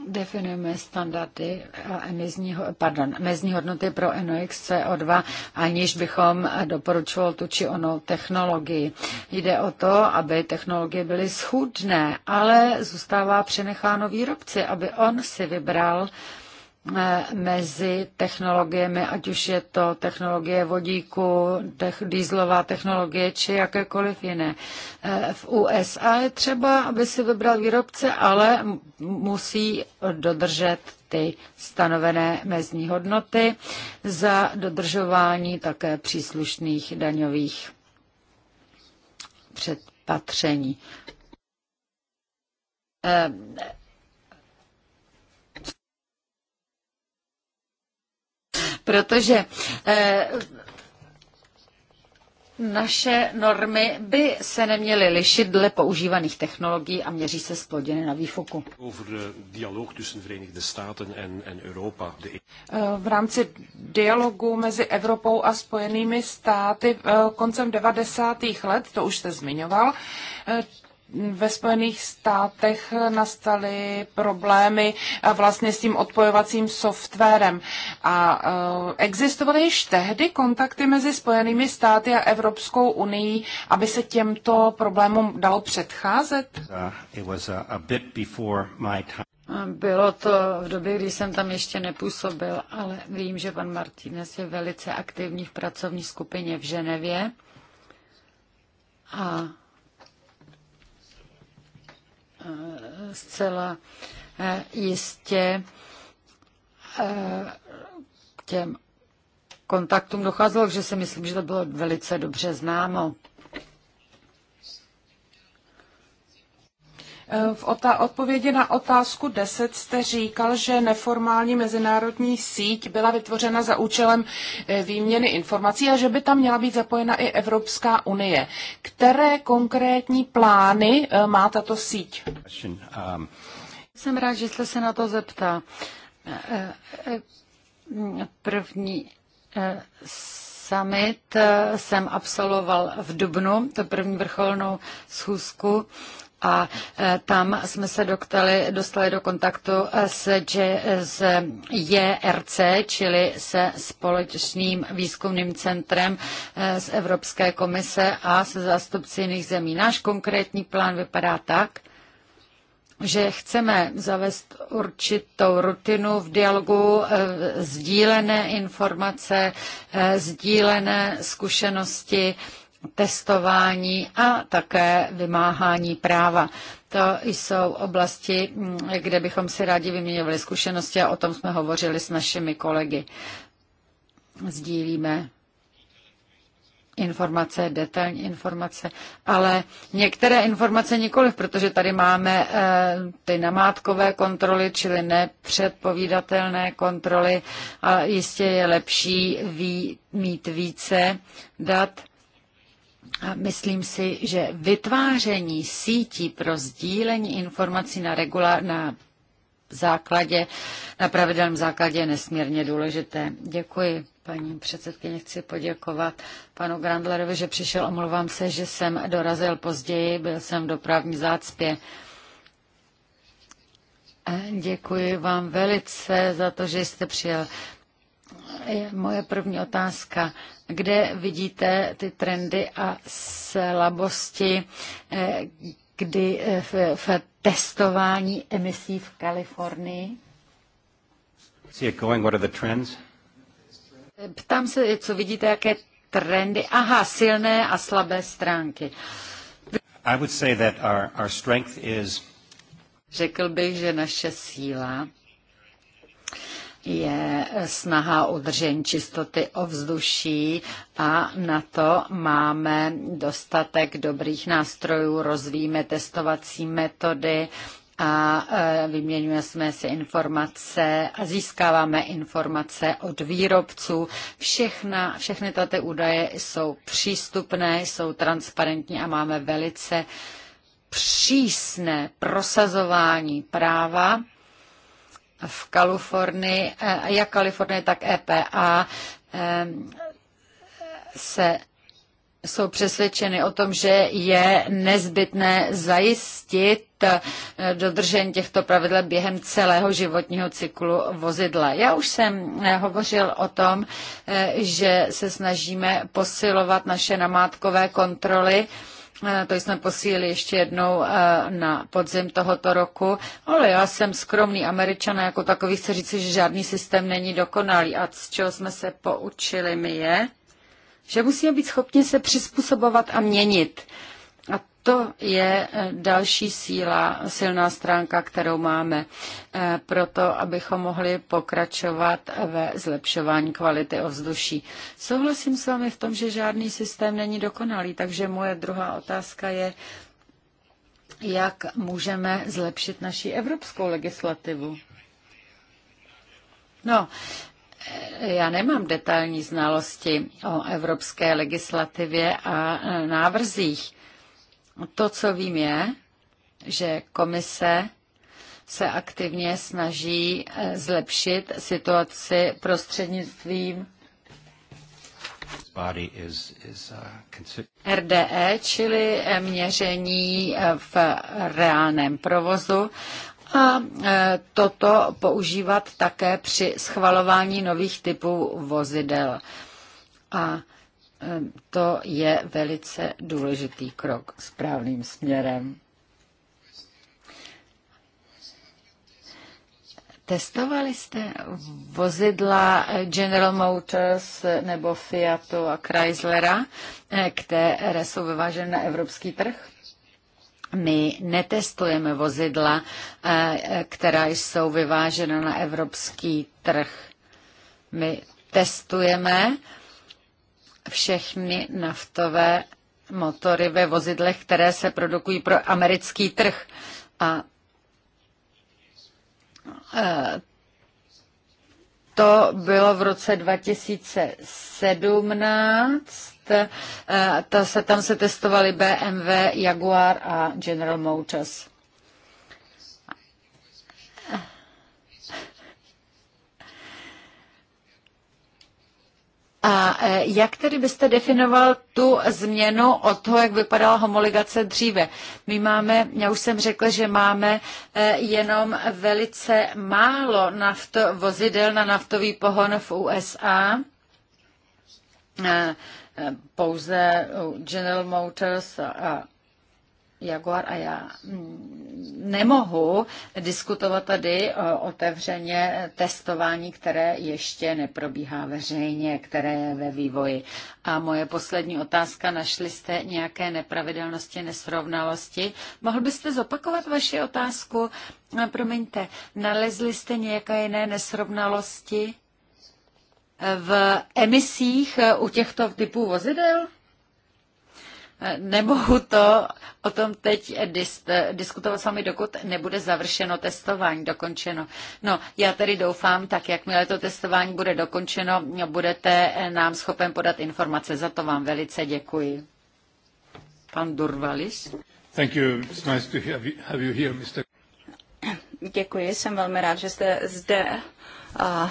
definujeme standardy emisní, eh, pardon, mezní hodnoty pro NOx CO2, aniž bychom eh, doporučoval tu či onou technologii. Jde o to, aby technologie byly schůdné, ale zůstává přenecháno výrobci, aby on si vybral mezi technologiemi, ať už je to technologie vodíku, tech, dýzlová technologie či jakékoliv jiné. E, v USA je třeba, aby si vybral výrobce, ale musí dodržet ty stanovené mezní hodnoty za dodržování také příslušných daňových předpatření e, protože eh, naše normy by se neměly lišit dle používaných technologií a měří se splodiny na výfuku. E eh, v rámci dialogu mezi Evropou a Spojenými státy eh, koncem 90. let, to už jste zmiňoval, ve Spojených státech nastaly problémy vlastně s tím odpojovacím softwarem. A eh, existovaly již tehdy kontakty mezi Spojenými státy a Evropskou unii, aby se těmto problémům dalo předcházet? Uh, uh, bylo to v době, kdy jsem tam ještě nepůsobil, ale vím, že pan Martínez je velice aktivní v pracovní skupině v Ženevě. A Eh, zcela eh, jistě eh, těm kontaktům docházelo, že si myslím, že to bylo velice dobře známo. Eh, v odpovědi na otázku 10 jste říkal, že neformální mezinárodní síť byla vytvořena za účelem eh, výměny informací a že by tam měla být zapojena i Evropská unie. Které konkrétní plány eh, má tato síť? Um, jsem rád, že jste se na to zeptá. První summit jsem absolvoval v Dubnu, to první vrcholnou schůzku a e, tam jsme se doktali, dostali do kontaktu e, s, s JRC, čili se společným výzkumným centrem e, z Evropské komise a se zástupci jiných zemí. Náš konkrétní plán vypadá tak, že chceme zavést určitou rutinu v dialogu, sdílené informace, sdílené zkušenosti, testování a také vymáhání práva. To jsou oblasti, mm, kde bychom si rádi vyměňovali zkušenosti a o tom jsme hovořili s našimi kolegy. Sdílíme informace, detailní informace, ale některé informace nikoliv, protože tady máme eh, ty namátkové kontroly, čili nepředpovídatelné kontroly a jistě je lepší ví, mít více dat a myslím si, že vytváření sítí pro sdílení informací na, regulár, na základě, na pravidelném základě je nesmírně důležité. Děkuji, paní předsedkyně. Chci poděkovat panu Grandlerovi, že přišel. Omlouvám se, že jsem dorazil později, byl jsem v dopravní zácpě. Děkuji vám velice za to, že jste přijel. Moje první otázka. Kde vidíte ty trendy a slabosti, eh, kdy eh, v, v testování emisí v Kalifornii? Ptám se, co vidíte, jaké trendy. Aha, silné a slabé stránky. I would say that our, our strength is... Řekl bych, že naše síla je snaha udržení čistoty ovzduší a na to máme dostatek dobrých nástrojů, rozvíjíme testovací metody, a e, vyměňujeme si informace a získáváme informace od výrobců. Všechna, všechny tato údaje jsou přístupné, jsou transparentní a máme velice přísné prosazování práva v Kalifornii, eh, jak Kalifornie, tak EPA eh, se jsou přesvědčeny o tom, že je nezbytné zajistit eh, dodržení těchto pravidel během celého životního cyklu vozidla. Já už jsem hovořil o tom, že se snažíme posilovat naše namátkové kontroly Eh, to jsme posílili ještě jednou eh, na podzim tohoto roku, ale já jsem skromný američan a jako takový chci říci, že žádný systém není dokonalý a z čeho jsme se poučili my je, že musíme být schopni se přizpůsobovat a měnit. A to je eh, další síla, silná stránka, kterou máme eh, pro to, abychom mohli pokračovat ve zlepšování kvality ovzduší. Souhlasím s vámi v tom, že žádný systém není dokonalý, takže moje druhá otázka je, jak můžeme zlepšit naši evropskou legislativu. No, eh, já nemám detailní znalosti o evropské legislativě a návrzích to, co vím, je, že komise se aktivně snaží eh, zlepšit situaci prostřednictvím uh, RDE, čili eh, měření eh, v reálném provozu a toto používat také při schvalování nových typů vozidel. A Ehm, to je velice důležitý krok správným směrem. Testovali jste vozidla General Motors nebo Fiatu a Chryslera, eh, které jsou vyváženy na evropský trh? My netestujeme vozidla, eh, která jsou vyvážena na evropský trh. My testujeme všechny naftové motory ve vozidlech, které se produkují pro americký trh. A e, to bylo v roce 2017. To e, se, tam se testovali BMW, Jaguar a General Motors. A e, jak tedy byste definoval tu změnu od toho, jak vypadala homologace dříve? My máme, já už jsem řekl, že máme e, jenom velice málo nafto, vozidel na naftový pohon v USA. E, pouze General Motors a Jaguar a já mm, nemohu diskutovat tady eh, otevřeně testování, které ještě neprobíhá veřejně, které je ve vývoji. A moje poslední otázka, našli jste nějaké nepravidelnosti, nesrovnalosti? Mohl byste zopakovat vaši otázku? Eh, promiňte, nalezli jste nějaké jiné nesrovnalosti eh, v emisích u těchto typů vozidel? Nemohu to o tom teď dis, diskutovat s vámi, dokud nebude završeno testování, dokončeno. No, já tedy doufám, tak jakmile to testování bude dokončeno, budete eh, nám schopen podat informace. Za to vám velice děkuji. Pan Durvalis. Thank you. It's nice to have you here, Mr. Děkuji, jsem velmi rád, že jste zde. Uh,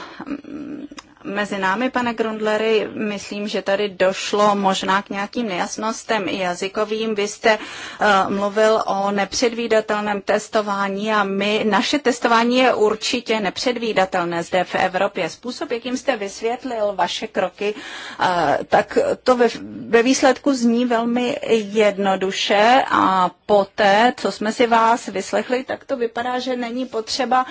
mezi námi, pane Grundlery. Myslím, že tady došlo možná k nějakým nejasnostem i jazykovým. Vy jste uh, mluvil o nepředvídatelném testování a my, naše testování je určitě nepředvídatelné zde v Evropě. Způsob, jakým jste vysvětlil vaše kroky, uh, tak to ve, ve výsledku zní velmi jednoduše a poté, co jsme si vás vyslechli, tak to vypadá, že není potřeba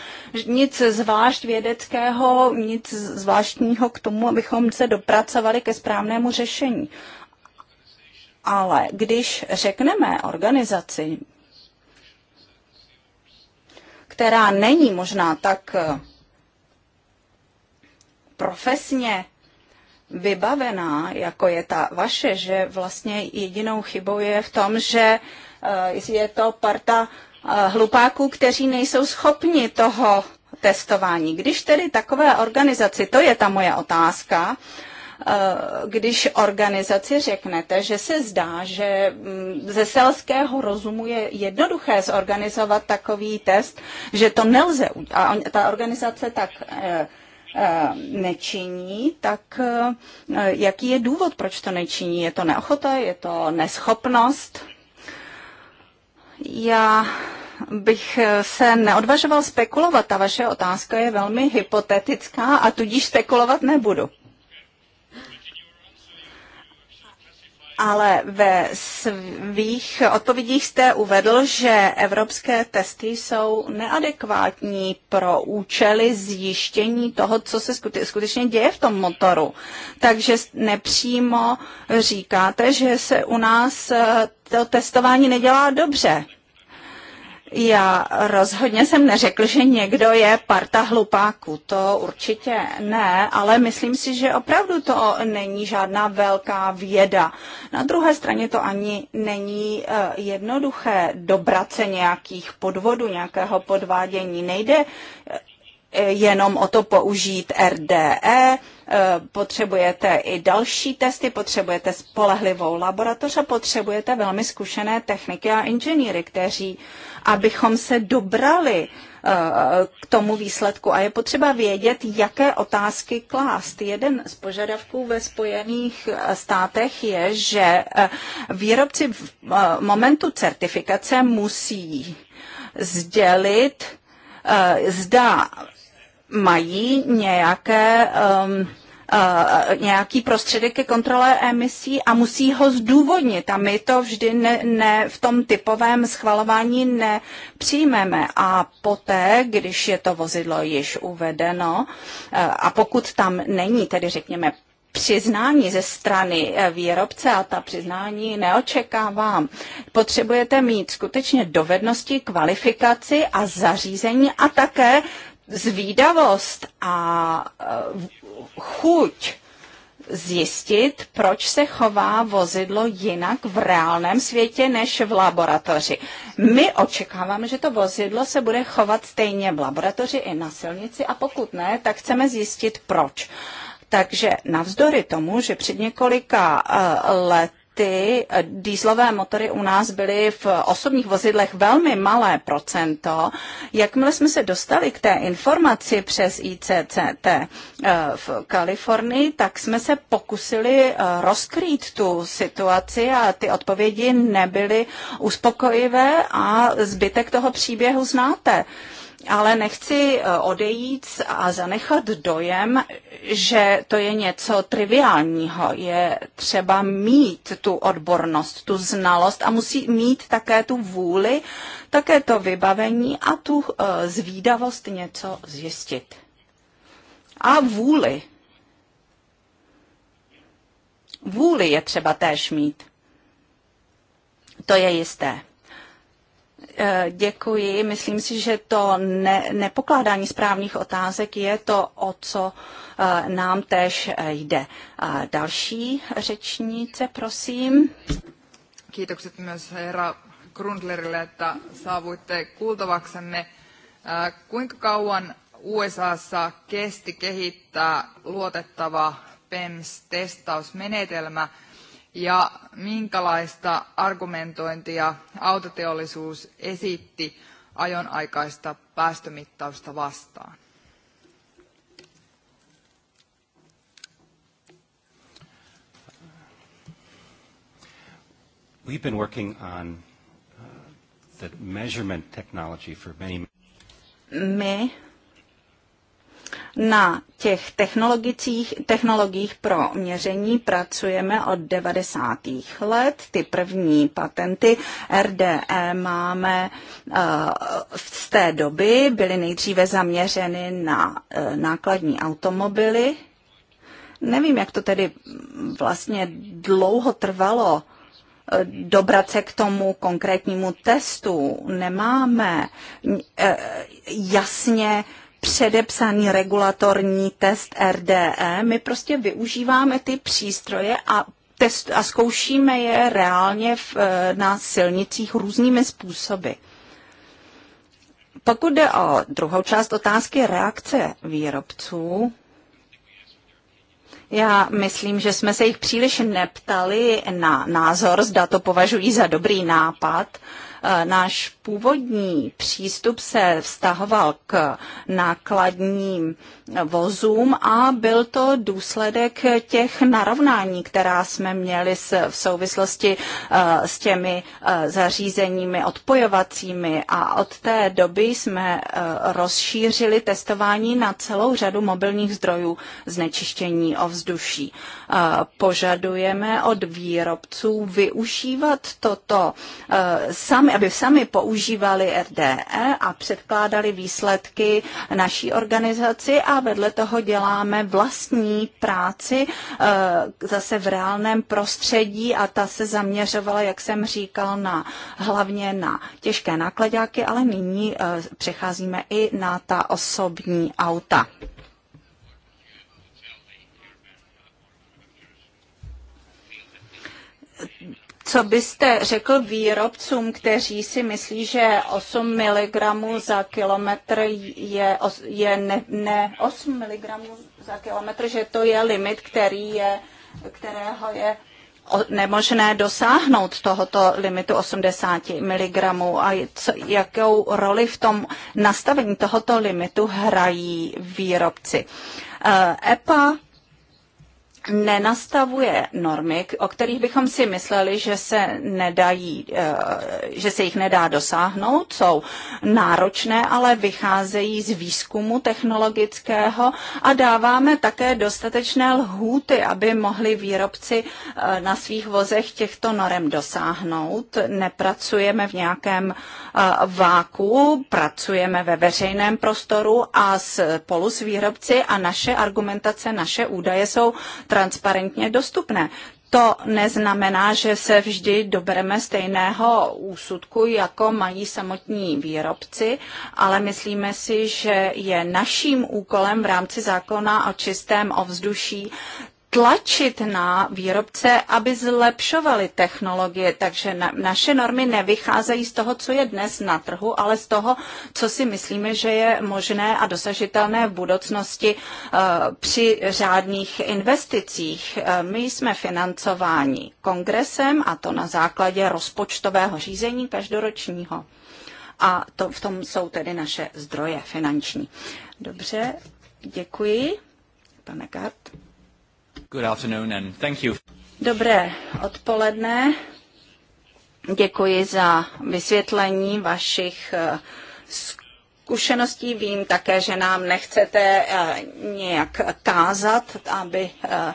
nic zvlášť vědeckého, nic zvláštní prvního k tomu, abychom se dopracovali ke správnému řešení. Ale když řekneme organizaci, která není možná tak eh, profesně vybavená, jako je ta vaše, že vlastně jedinou chybou je v tom, že eh, je to parta eh, hlupáků, kteří nejsou schopni toho testování. Když tedy takové organizaci, to je ta moje otázka, eh, když organizaci řeknete, že se zdá, že mm, ze selského rozumu je jednoduché zorganizovat takový test, že to nelze a ta organizace tak eh, eh, nečiní, tak jaký je důvod, proč to nečiní? Je to neochota, je to neschopnost? Já bych eh, se neodvažoval spekulovat. Ta vaše otázka je velmi hypotetická a tudíž spekulovat nebudu. Ale ve svých odpovědích jste uvedl, že evropské testy jsou neadekvátní pro účely zjištění toho, co se skutečně děje v tom motoru. Takže nepřímo říkáte, že se u nás eh, to testování nedělá dobře. Já rozhodně jsem neřekl, že někdo je parta hlupáků, to určitě ne, ale myslím si, že opravdu to není žádná velká věda. Na druhé straně to ani není eh, jednoduché dobrat se nějakých podvodů, nějakého podvádění. Nejde eh, E, jenom o to použít RDE, e, potřebujete i další testy, potřebujete spolehlivou laboratoř a potřebujete velmi zkušené techniky a inženýry, kteří, abychom se dobrali e, k tomu výsledku. A je potřeba vědět, jaké otázky klást. Jeden z požadavků ve Spojených státech je, že výrobci v momentu certifikace musí sdělit, zda mají nějaké um, Uh, nějaký prostředek ke kontrole emisí a musí ho zdůvodnit. A my to vždy ne, ne, v tom typovém schvalování nepřijmeme. A poté, když je to vozidlo již uvedeno, uh, a pokud tam není, tedy řekněme, přiznání ze strany eh, výrobce a ta přiznání neočekávám. Potřebujete mít skutečně dovednosti, kvalifikaci a zařízení a také zvídavost a e, chuť zjistit, proč se chová vozidlo jinak v reálném světě než v laboratoři. My očekáváme, že to vozidlo se bude chovat stejně v laboratoři i na silnici a pokud ne, tak chceme zjistit proč. Takže navzdory tomu, že před několika e, lety ty eh, dýzlové motory u nás byly v osobních vozidlech velmi malé procento. Jakmile jsme se dostali k té informaci přes ICCT eh, v Kalifornii, tak jsme se pokusili eh, rozkrýt tu situaci a ty odpovědi nebyly uspokojivé a zbytek toho příběhu znáte ale nechci eh, odejít a zanechat dojem, že to je něco triviálního. Je třeba mít tu odbornost, tu znalost a musí mít také tu vůli, také to vybavení a tu eh, zvídavost něco zjistit. A vůli. Vůli je třeba též mít. To je jisté. Eh, děkuji. Myslím si, že to ne, nepokládání správných otázek je to, o co eh, nám též eh, jde. Další řečnice, prosím. Kiitokset myös herra Grundlerille, että saavuitte kuultavaksemme. Kuinka kauan USAssa kesti kehittää luotettava PEMS-testausmenetelmä – ja minkälaista argumentointia autoteollisuus esitti ajonaikaista päästömittausta vastaan? We've been working on uh, the measurement technology for many Me na těch technologicích, technologiích pro měření pracujeme od 90. let. Ty první patenty RDE máme z eh, té doby. Byly nejdříve zaměřeny na eh, nákladní automobily. Nevím, jak to tedy vlastně dlouho trvalo eh, dobrat se k tomu konkrétnímu testu. Nemáme jasně předepsaný regulatorní test RDE. My prostě využíváme ty přístroje a test, a zkoušíme je reálně v, e, na silnicích různými způsoby. Pokud jde o druhou část otázky reakce výrobců, já myslím, že jsme se jich příliš neptali na názor, zda to považují za dobrý nápad. Uh, Eh, náš původní přístup se vztahoval k nákladním vozům a byl to důsledek těch narovnání, která jsme měli v souvislosti eh, s těmi eh, zařízeními odpojovacími a od té doby jsme rozšířili testování na celou řadu mobilních zdrojů znečištění ovzduší. Požadujeme od výrobců využívat toto sami sami, aby sami používali RDE a předkládali výsledky naší organizaci a vedle toho děláme vlastní práci eh, zase v reálném prostředí a ta se zaměřovala, jak jsem říkal, na, hlavně na těžké nákladáky, ale nyní eh, přecházíme i na ta osobní auta. Co byste řekl výrobcům, kteří si myslí, že 8 mg za kilometr je, je ne, ne 8 mg za kilometr, že to je limit, který je, kterého je nemožné dosáhnout tohoto limitu 80 mg a co, jakou roli v tom nastavení tohoto limitu hrají výrobci. Eh, EPA nenastavuje normy, o kterých bychom si mysleli, že se, nedají, eh, že se jich nedá dosáhnout, jsou náročné, ale vycházejí z výzkumu technologického a dáváme také dostatečné lhůty, aby mohli výrobci eh, na svých vozech těchto norem dosáhnout. Nepracujeme v nějakém eh, váku, pracujeme ve veřejném prostoru a spolu s výrobci a naše argumentace, naše údaje jsou transparentně dostupné. To neznamená, že se vždy dobereme stejného úsudku, jako mají samotní výrobci, ale myslíme si, že je naším úkolem v rámci zákona o čistém ovzduší tlačit na výrobce, aby zlepšovali technologie. Takže na, naše normy nevycházejí z toho, co je dnes na trhu, ale z toho, co si myslíme, že je možné a dosažitelné v budoucnosti uh, při řádných investicích. Uh, my jsme financováni kongresem a to na základě rozpočtového řízení každoročního. A to v tom jsou tedy naše zdroje finanční. Dobře, děkuji. Pane Gart. Dobré odpoledne. Děkuji za vysvětlení vašich eh, zkušeností. Vím také, že nám nechcete eh, nějak kázat, aby eh,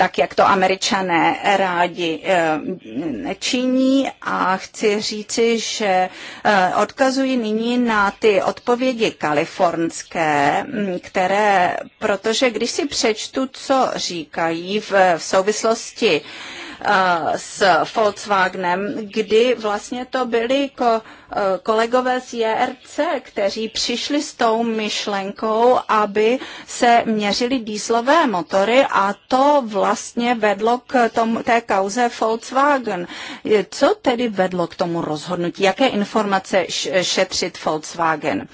tak jak to američané rádi eh, činí a chci říci, že eh, odkazuji nyní na ty odpovědi kalifornské, mm, které, protože když si přečtu, co říkají v, v souvislosti s Volkswagenem, kdy vlastně to byli kolegové z JRC, kteří přišli s tou myšlenkou, aby se měřili dýzlové motory a to vlastně vedlo k tom té kauze Volkswagen. Co tedy vedlo k tomu rozhodnutí? Jaké informace šetřit Volkswagen?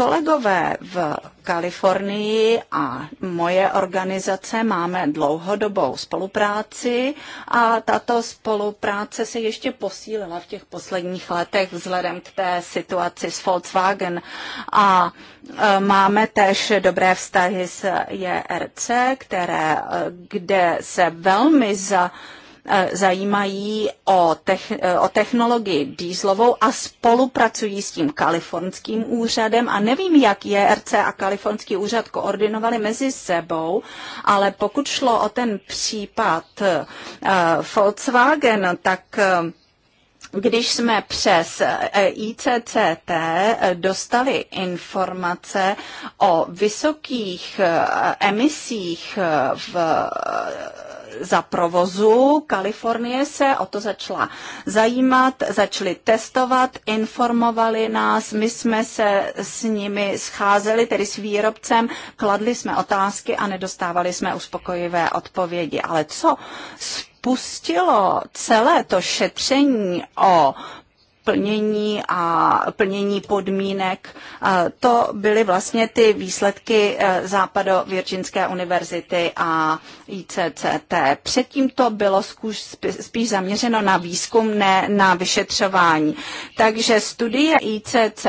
Kolegové v Kalifornii a moje organizace máme dlouhodobou spolupráci a tato spolupráce se ještě posílila v těch posledních letech vzhledem k té situaci s Volkswagen a e, máme též dobré vztahy s JRC, e které, e, kde se velmi za E, zajímají o, tech, e, o technologii dýzlovou a spolupracují s tím kalifornským úřadem a nevím, jak JRC a kalifornský úřad koordinovali mezi sebou, ale pokud šlo o ten případ e, Volkswagen, tak když jsme přes ICCT dostali informace o vysokých emisích v za provozu Kalifornie se o to začala zajímat, začali testovat, informovali nás, my jsme se s nimi scházeli, tedy s výrobcem, kladli jsme otázky a nedostávali jsme uspokojivé odpovědi. Ale co spustilo celé to šetření o plnění a plnění podmínek. E, to byly vlastně ty výsledky e, Západo-Virginské univerzity a ICCT. Předtím to bylo spíš zaměřeno na výzkum, ne na vyšetřování. Takže studie ICCT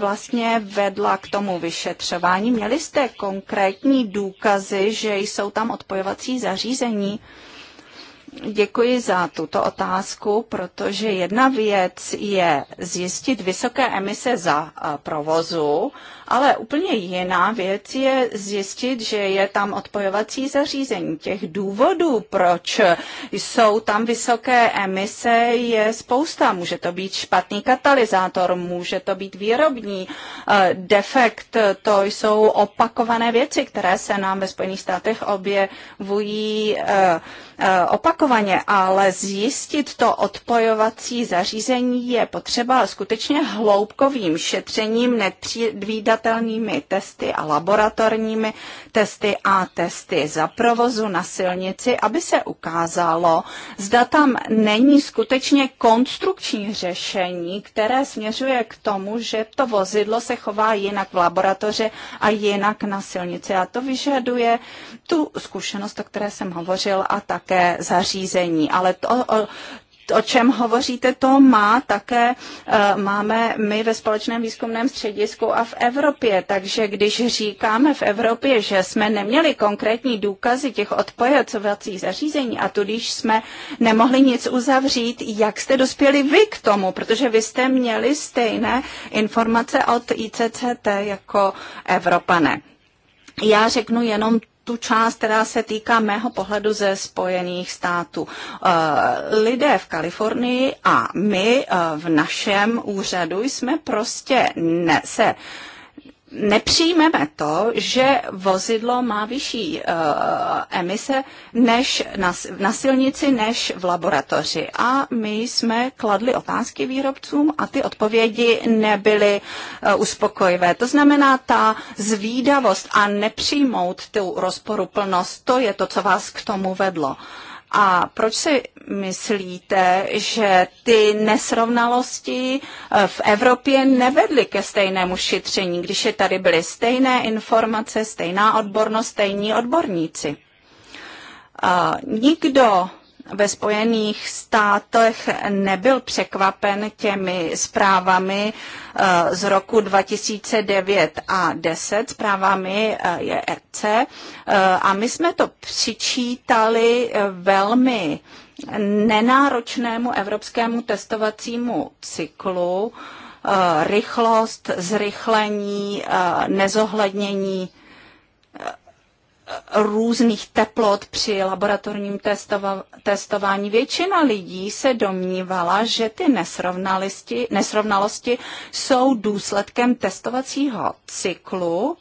vlastně vedla k tomu vyšetřování. Měli jste konkrétní důkazy, že jsou tam odpojovací zařízení? Děkuji za tuto otázku, protože jedna věc je zjistit vysoké emise za provozu, ale úplně jiná věc je zjistit, že je tam odpojovací zařízení. Těch důvodů, proč jsou tam vysoké emise, je spousta. Může to být špatný katalyzátor, může to být výrobní defekt, to jsou opakované věci, které se nám ve Spojených státech objevují Eh, opakovaně, ale zjistit to odpojovací zařízení je potřeba skutečně hloubkovým šetřením, nepředvídatelnými testy a laboratorními testy a testy za provozu na silnici, aby se ukázalo, zda tam není skutečně konstrukční řešení, které směřuje k tomu, že to vozidlo se chová jinak v laboratoře a jinak na silnici. A to vyžaduje tu zkušenost, o které jsem hovořil, a tak nějaké zařízení. Ale to, o čem hovoříte, to má také, eh, máme my ve společném výzkumném středisku a v Evropě. Takže když říkáme v Evropě, že jsme neměli konkrétní důkazy těch odpojecovacích zařízení a tudíž jsme nemohli nic uzavřít, jak jste dospěli vy k tomu? Protože vy jste měli stejné informace od ICCT jako Evropané. Já řeknu jenom tu část, která se týká mého pohledu ze Spojených států. Eh, lidé v Kalifornii a my eh, v našem úřadu jsme prostě ne, se nepřijmeme to, že vozidlo má vyšší uh, emise než na, na silnici než v laboratoři. A my jsme kladli otázky výrobcům a ty odpovědi nebyly uh, uspokojivé. To znamená, ta zvídavost a nepřijmout tu rozporuplnost, to je to, co vás k tomu vedlo. Uh, a proč si myslíte, že ty nesrovnalosti eh, v Evropě nevedly ke stejnému šetření, když je tady byly stejné informace, stejná odbornost, stejní odborníci? Eh, nikdo ve Spojených státech nebyl překvapen těmi zprávami eh, z roku 2009 a 10, zprávami eh, JRC. E eh, a my jsme to přičítali velmi nenáročnému evropskému testovacímu cyklu, rychlost, zrychlení, nezohlednění různých teplot při laboratorním testova, testování. Většina lidí se domnívala, že ty nesrovnalosti, nesrovnalosti jsou důsledkem testovacího cyklu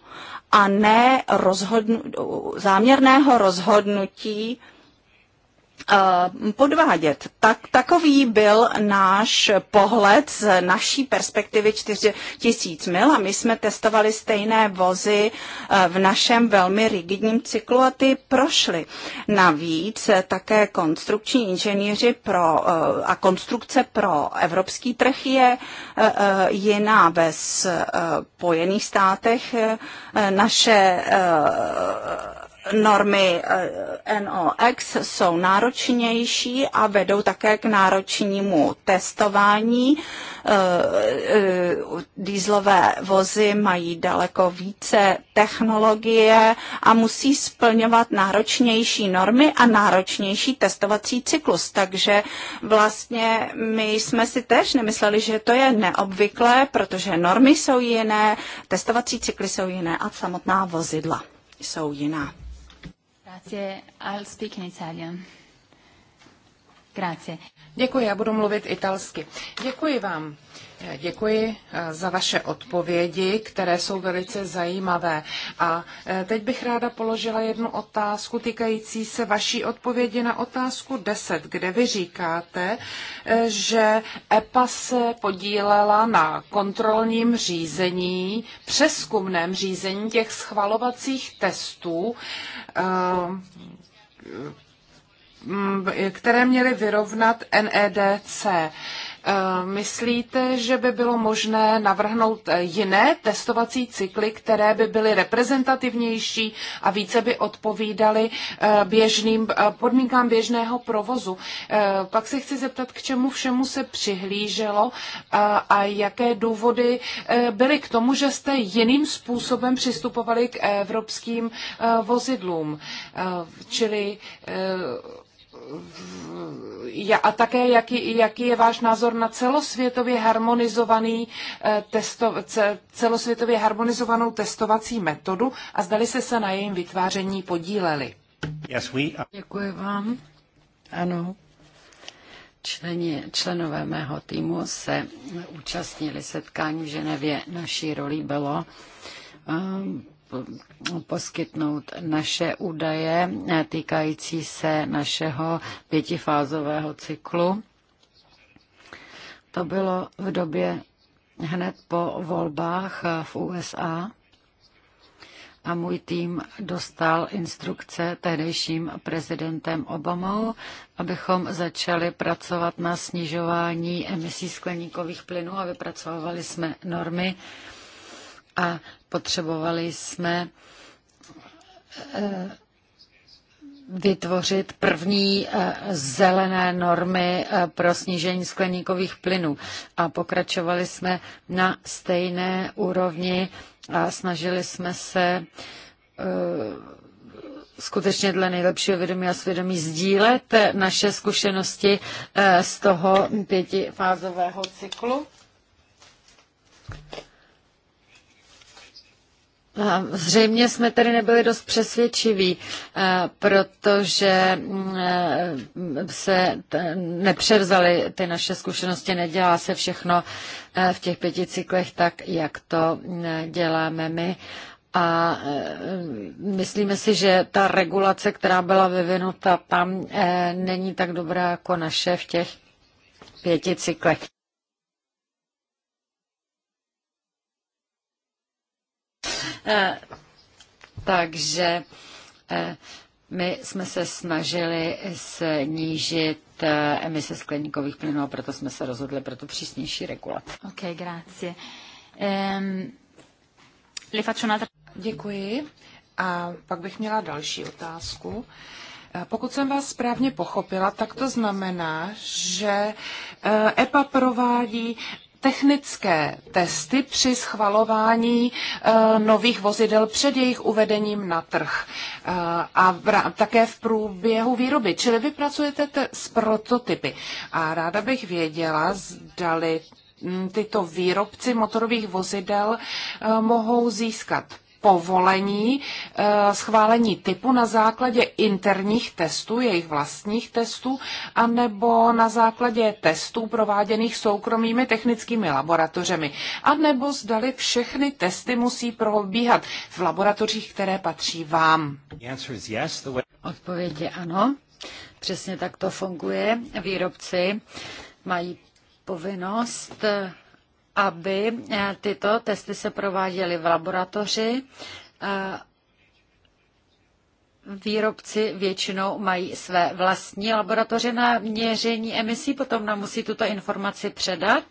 a ne rozhodnu, záměrného rozhodnutí Eh, podvádět. Tak, takový byl náš pohled z naší perspektivy 4000 mil a my jsme testovali stejné vozy eh, v našem velmi rigidním cyklu a ty prošly. Navíc eh, také konstrukční inženýři pro, a konstrukce pro evropský trh je jiná ve Spojených státech. Naše normy eh, NOx jsou náročnější a vedou také k náročnímu testování. Eh, eh, dýzlové vozy mají daleko více technologie a musí splňovat náročnější normy a náročnější testovací cyklus. Takže vlastně my jsme si tež nemysleli, že to je neobvyklé, protože normy jsou jiné, testovací cykly jsou jiné a samotná vozidla jsou jiná. Grazie. I'll speak in Italian. Grazie. Děkuji, já budu mluvit italsky. Děkuji vám. Děkuji eh, za vaše odpovědi, které jsou velice zajímavé. A eh, teď bych ráda položila jednu otázku týkající se vaší odpovědi na otázku 10, kde vy říkáte, eh, že EPA se podílela na kontrolním řízení, přeskumném řízení těch schvalovacích testů které měly vyrovnat NEDC. Eh, myslíte, že by bylo možné navrhnout eh, jiné testovací cykly, které by byly reprezentativnější a více by odpovídaly eh, běžným podmínkám běžného provozu? Pak se chci zeptat, k čemu všemu se přihlíželo a jaké důvody byly k tomu, že jste jiným způsobem přistupovali k evropským vozidlům. Čili a také jaký, jaký je váš názor na celosvětově harmonizovaný eh, testo, celosvětově harmonizovanou testovací metodu a zdali se se na jejím vytváření podíleli. Yes, we are... Děkuji vám. Ano. Členi, členové mého týmu se účastnili setkání v Ženevě. Naší roli bylo um, poskytnout naše údaje týkající se našeho pětifázového cyklu. To bylo v době hned po volbách v USA a můj tým dostal instrukce tehdejším prezidentem Obamou, abychom začali pracovat na snižování emisí skleníkových plynů a vypracovali jsme normy, a potřebovali jsme eh, vytvořit první eh, zelené normy eh, pro snížení skleníkových plynů. A pokračovali jsme na stejné úrovni a snažili jsme se skutečně dle nejlepšího vědomí a svědomí sdílet naše zkušenosti z toho pětifázového cyklu. Zřejmě jsme tedy nebyli dost přesvědčiví, e, protože mm, e, se nepřevzali ty naše zkušenosti, nedělá se všechno e, v těch pěti cyklech tak, jak to mm, děláme my. A myslíme si, že ta regulace, která byla vyvinuta tam, není tak dobrá jako naše v těch pěti cyklech. Eh, takže eh, my jsme se snažili snížit eh, emise skleníkových plynů a proto jsme se rozhodli pro tu přísnější regulaci. Ok, grazie. Um, Děkuji. A pak bych měla další otázku. Pokud jsem vás správně pochopila, tak to znamená, že EPA provádí technické testy při schvalování eh, nových vozidel před jejich uvedením na trh eh, a také v průběhu výroby. Čili vy pracujete s prototypy. A ráda bych věděla, zdali hm, tyto výrobci motorových vozidel eh, mohou získat povolení eh, schválení typu na základě interních testů, jejich vlastních testů, anebo na základě testů prováděných soukromými technickými laboratořemi, anebo zdali všechny testy musí probíhat v laboratořích, které patří vám. Odpověď je ano. Přesně tak to funguje. Výrobci mají povinnost aby eh, tyto testy se prováděly v laboratoři. Eh, výrobci většinou mají své vlastní laboratoře na měření emisí, potom nám musí tuto informaci předat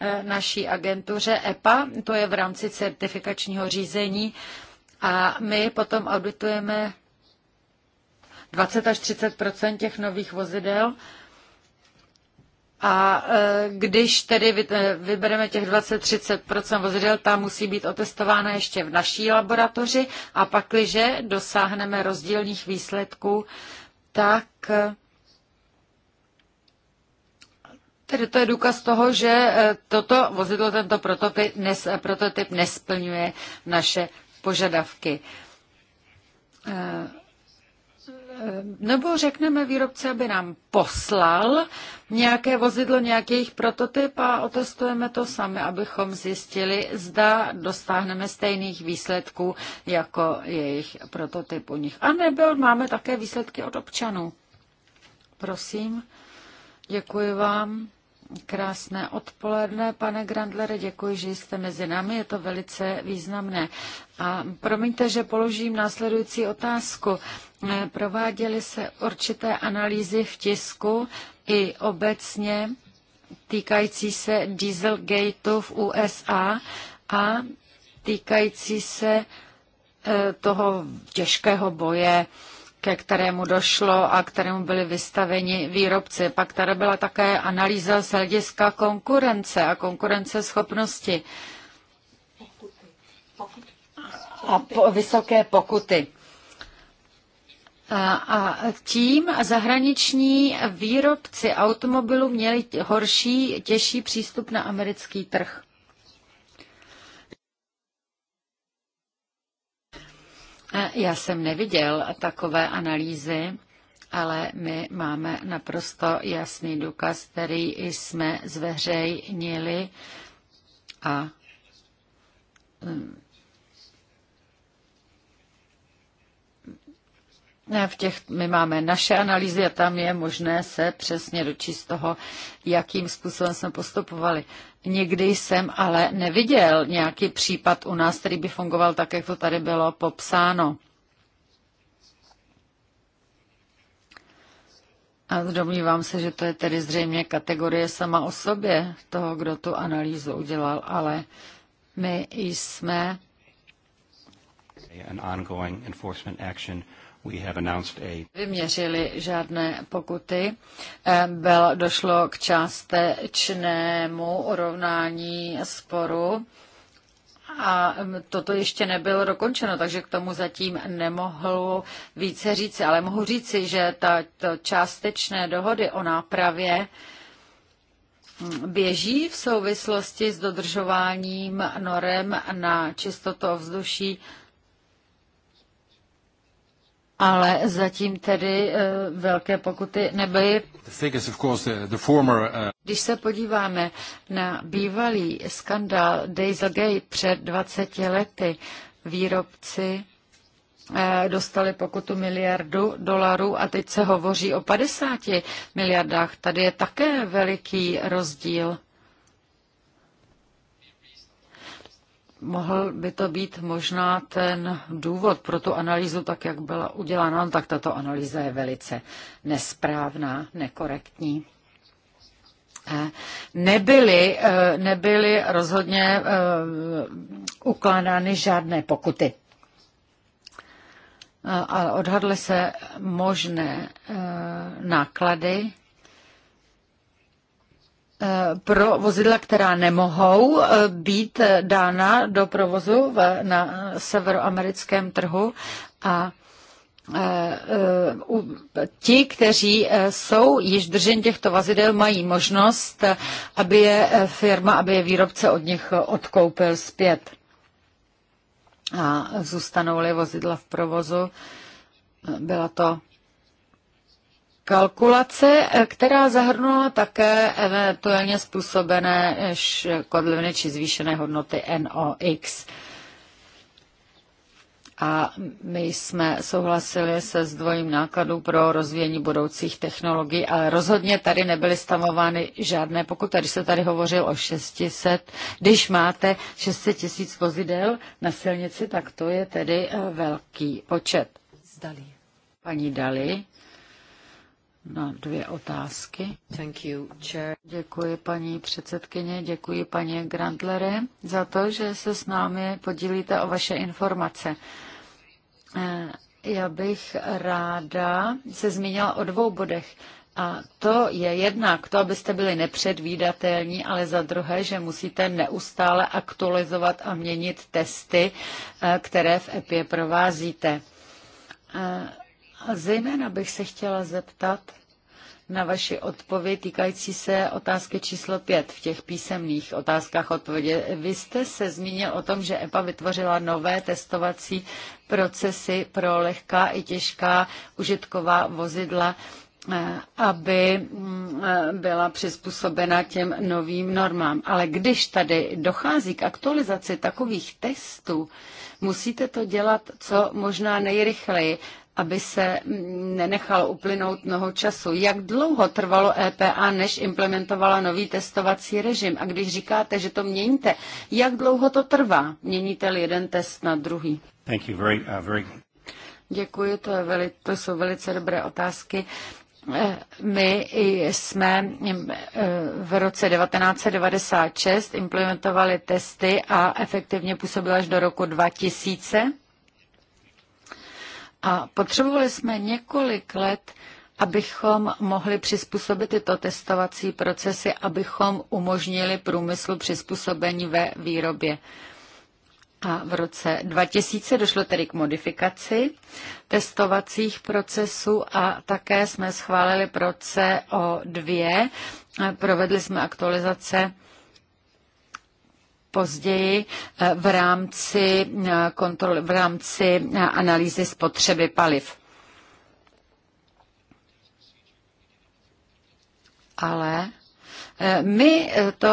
eh, naší agentuře EPA, to je v rámci certifikačního řízení a my potom auditujeme 20 až 30 těch nových vozidel a e, když tedy e, vybereme těch 20-30 vozidel, ta musí být otestována ještě v naší laboratoři a pak, když dosáhneme rozdílných výsledků, tak e, Tedy to je důkaz toho, že toto vozidlo, tento prototyp, nes, prototyp nesplňuje naše požadavky. Eh, nebo řekneme výrobce, aby nám poslal nějaké vozidlo, nějaký jejich prototyp a otestujeme to sami, abychom zjistili, zda dostáhneme stejných výsledků jako jejich prototyp u nich. A nebo máme také výsledky od občanů. Prosím, děkuji vám. Krásné odpoledne, pane Grandlere, děkuji, že jste mezi námi, je to velice významné. A promiňte, že položím následující otázku. Prováděly se určité analýzy v tisku i obecně týkající se Dieselgateu v USA a týkající se eh, toho těžkého boje ke kterému došlo a kterému byli vystaveni výrobci. Pak tady byla také analýza z hlediska konkurence a konkurenceschopnosti a po, vysoké pokuty. A, a tím zahraniční výrobci automobilů měli horší, těžší přístup na americký trh. Já jsem neviděl takové analýzy, ale my máme naprosto jasný důkaz, který jsme zveřejnili a mm, v těch, my máme naše analýzy a tam je možné se přesně dočíst toho, jakým způsobem jsme postupovali. Nikdy jsem ale neviděl nějaký případ u nás, který by fungoval tak, jak to tady bylo popsáno. A domnívám se, že to je tedy zřejmě kategorie sama o sobě toho, kdo tu analýzu udělal, ale my jsme an ongoing enforcement action Vyměřili žádné pokuty. Eh, Byl, došlo k částečnému urovnání sporu a mm, toto ještě nebylo dokončeno, takže k tomu zatím nemohlo více říci, ale mohu říci, že ta, to částečné dohody o nápravě mm, běží v souvislosti s dodržováním norem na čistotu ovzduší ale zatím tedy eh, velké pokuty nebyly. Uh, Když se podíváme na bývalý skandál Dieselgate před 20 lety, výrobci eh, dostali pokutu miliardu dolarů a teď se hovoří o 50 miliardách. Tady je také veliký rozdíl. mohl by to být možná ten důvod pro tu analýzu, tak jak byla udělána, no, tak tato analýza je velice nesprávná, nekorektní. Eh, nebyly, eh, nebyly rozhodně eh, ukládány žádné pokuty. Ale odhadly se možné náklady Eh, pro vozidla, která nemohou eh, být eh, dána do provozu na severoamerickém trhu a ti, kteří jsou již držen těchto vozidel, mají možnost, aby je firma, aby je výrobce od nich odkoupil zpět. A zůstanou-li vozidla v provozu, byla to kalkulace, eh, která zahrnula také eventuálně způsobené eh, škodlivé či zvýšené hodnoty NOx. A my jsme souhlasili se zdvojím nákladů pro rozvíjení budoucích technologií, ale rozhodně tady nebyly stanovány žádné pokud Tady se tady hovořil o 600. Když máte 600 tisíc vozidel na silnici, tak to je tedy eh, velký počet. Zdali. Paní Dali na dvě otázky. Thank you, chair. Děkuji paní předsedkyně, děkuji paní Grandlere za to, že se s námi podílíte o vaše informace. Eh, já bych ráda se zmínila o dvou bodech. A to je jednak to, abyste byli nepředvídatelní, ale za druhé, že musíte neustále aktualizovat a měnit testy, eh, které v EPI provázíte. Eh, a zejména bych se chtěla zeptat na vaši odpověď týkající se otázky číslo 5 v těch písemných otázkách odpovědi. Vy jste se zmínil o tom, že EPA vytvořila nové testovací procesy pro lehká i těžká užitková vozidla eh, aby mm, eh, byla přizpůsobena těm novým normám. Ale když tady dochází k aktualizaci takových testů, musíte to dělat co možná nejrychleji, aby se nenechalo uplynout mnoho času. Jak dlouho trvalo EPA, než implementovala nový testovací režim? A když říkáte, že to měníte, jak dlouho to trvá? Měníte-li jeden test na druhý? Thank you very, uh, very... Děkuji, to, je veli, to jsou velice dobré otázky. Eh, my jsme hm, eh, v roce 1996 implementovali testy a efektivně působila až do roku 2000 a potřebovali jsme několik let, abychom mohli přizpůsobit tyto testovací procesy, abychom umožnili průmyslu přizpůsobení ve výrobě. A v roce 2000 došlo tedy k modifikaci testovacích procesů a také jsme schválili proce o dvě. Provedli jsme aktualizace později eh, v rámci, eh, kontrol, v rámci eh, analýzy spotřeby paliv. Ale my to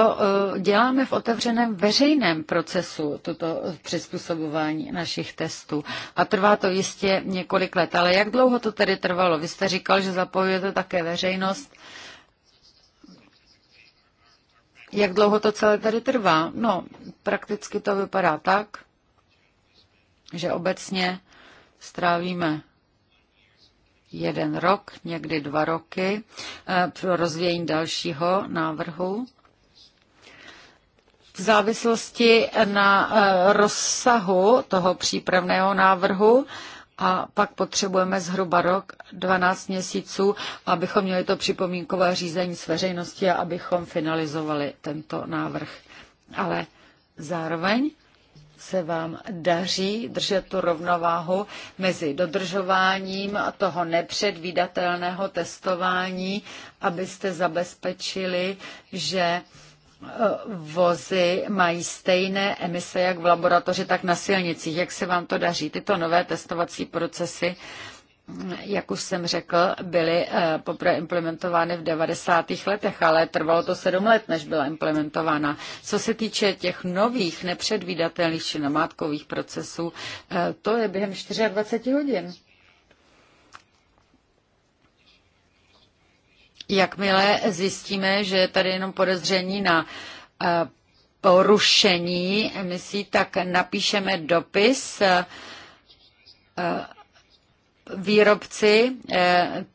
děláme v otevřeném veřejném procesu, toto přizpůsobování našich testů. A trvá to jistě několik let. Ale jak dlouho to tedy trvalo? Vy jste říkal, že zapojujete také veřejnost. Uh, jak dlouho to celé tady trvá? No, prakticky to vypadá tak, že obecně strávíme jeden rok, někdy dva roky eh, pro rozvíjení dalšího návrhu. V závislosti na eh, rozsahu toho přípravného návrhu a pak potřebujeme zhruba rok, 12 měsíců, abychom měli to připomínkové řízení s veřejností a abychom finalizovali tento návrh. Ale zároveň se vám daří držet tu rovnováhu mezi dodržováním toho nepředvídatelného testování, abyste zabezpečili, že vozy mají stejné emise jak v laboratoři, tak na silnicích. Jak se vám to daří? Tyto nové testovací procesy, jak už jsem řekl, byly eh, poprvé implementovány v 90. letech, ale trvalo to sedm let, než byla implementována. Co se týče těch nových nepředvídatelných či namátkových procesů, eh, to je během 24 hodin. Jakmile zjistíme, že je tady jenom podezření na eh, porušení emisí, tak napíšeme dopis eh, výrobci eh,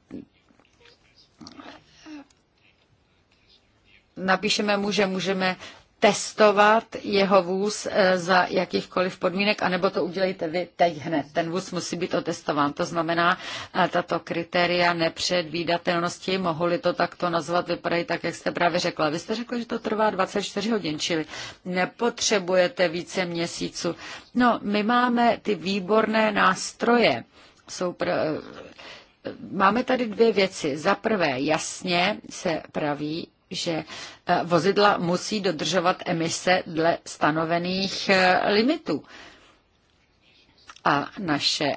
napíšeme mu, že můžeme testovat jeho vůz eh, za jakýchkoliv podmínek, anebo to udělejte vy teď hned. Ten vůz musí být otestován. To znamená, eh, tato kritéria nepředvídatelnosti, mohli to takto nazvat, vypadají tak, jak jste právě řekla. Vy jste řekla, že to trvá 24 hodin, čili nepotřebujete více měsíců. No, my máme ty výborné nástroje. Jsou pr- eh, Máme tady dvě věci. Za prvé, jasně se praví, že e, vozidla musí dodržovat emise dle stanovených e, limitů. A naše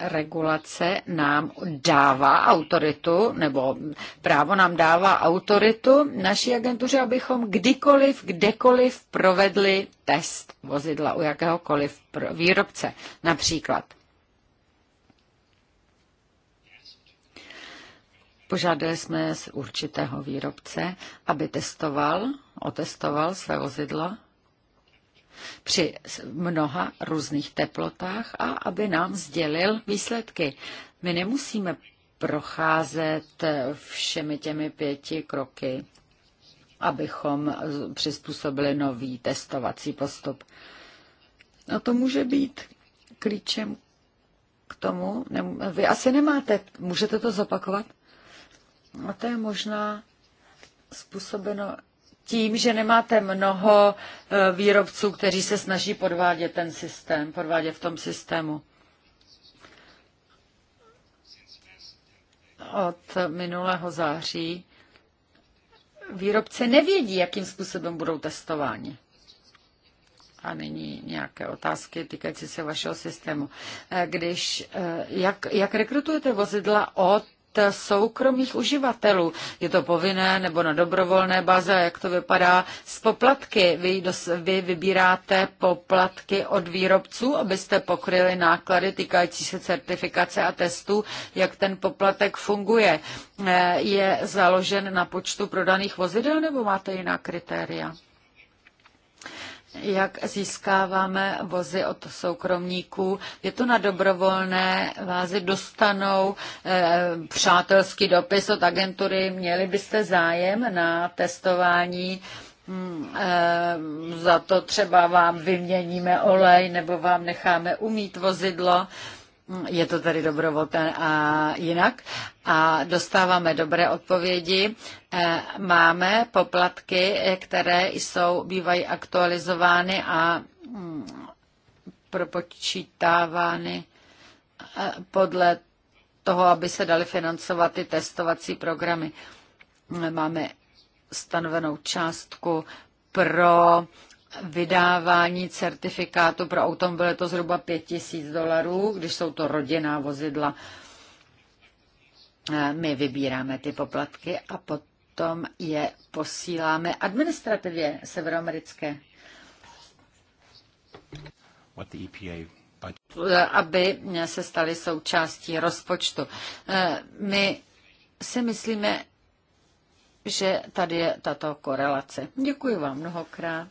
regulace nám dává autoritu, nebo právo nám dává autoritu naší agentuře, abychom kdykoliv, kdekoliv provedli test vozidla u jakéhokoliv výrobce. Například Požádali jsme z určitého výrobce, aby testoval, otestoval své vozidla při mnoha různých teplotách a aby nám sdělil výsledky. My nemusíme procházet všemi těmi pěti kroky, abychom přizpůsobili nový testovací postup. No to může být klíčem k tomu. Vy asi nemáte, můžete to zopakovat? A to je možná způsobeno tím, že nemáte mnoho e, výrobců, kteří se snaží podvádět ten systém, podvádět v tom systému. Od minulého září výrobci nevědí, jakým způsobem budou testováni. A nyní nějaké otázky týkající se vašeho systému. E, když, e, jak, jak rekrutujete vozidla od soukromých uživatelů. Je to povinné nebo na dobrovolné báze, jak to vypadá s poplatky. Vy, dos, vy vybíráte poplatky od výrobců, abyste pokryli náklady týkající se certifikace a testů, jak ten poplatek funguje. Eh, je založen na počtu prodaných vozidel nebo máte jiná kritéria? jak získáváme vozy od soukromníků. Je to na dobrovolné vázy? dostanou eh, přátelský dopis od agentury, měli byste zájem na testování hmm, eh, za to třeba vám vyměníme olej nebo vám necháme umít vozidlo je to tady dobrovolné a jinak. A dostáváme dobré odpovědi. E, máme poplatky, které jsou, bývají aktualizovány a mm, propočítávány e, podle toho, aby se daly financovat ty testovací programy. Máme stanovenou částku pro vydávání certifikátu pro automobil je to zhruba 5000 dolarů, když jsou to rodinná vozidla. Eh, my vybíráme ty poplatky a potom je posíláme administrativě severoamerické. What the EPA aby se staly součástí rozpočtu. Eh, my si myslíme, že tady je tato korelace. Děkuji vám mnohokrát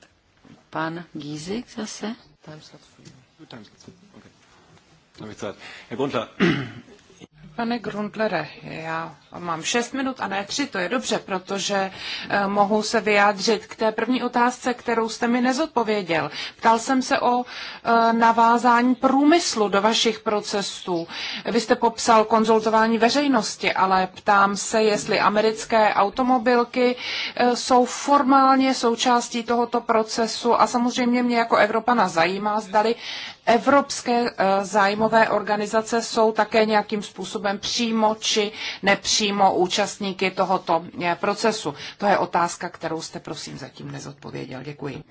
pan Gízik zase. Herr Gunther, Pane Grundlere, já mám šest minut a ne tři, to je dobře, protože eh, mohu se vyjádřit k té první otázce, kterou jste mi nezodpověděl. Ptal jsem se o eh, navázání průmyslu do vašich procesů. Vy jste popsal konzultování veřejnosti, ale ptám se, jestli americké automobilky eh, jsou formálně součástí tohoto procesu a samozřejmě mě jako Evropana zajímá, zdali evropské eh, zájmové organizace jsou také nějakým způsobem přímo či nepřímo účastníky tohoto eh, procesu? To je otázka, kterou jste prosím zatím nezodpověděl. Děkuji.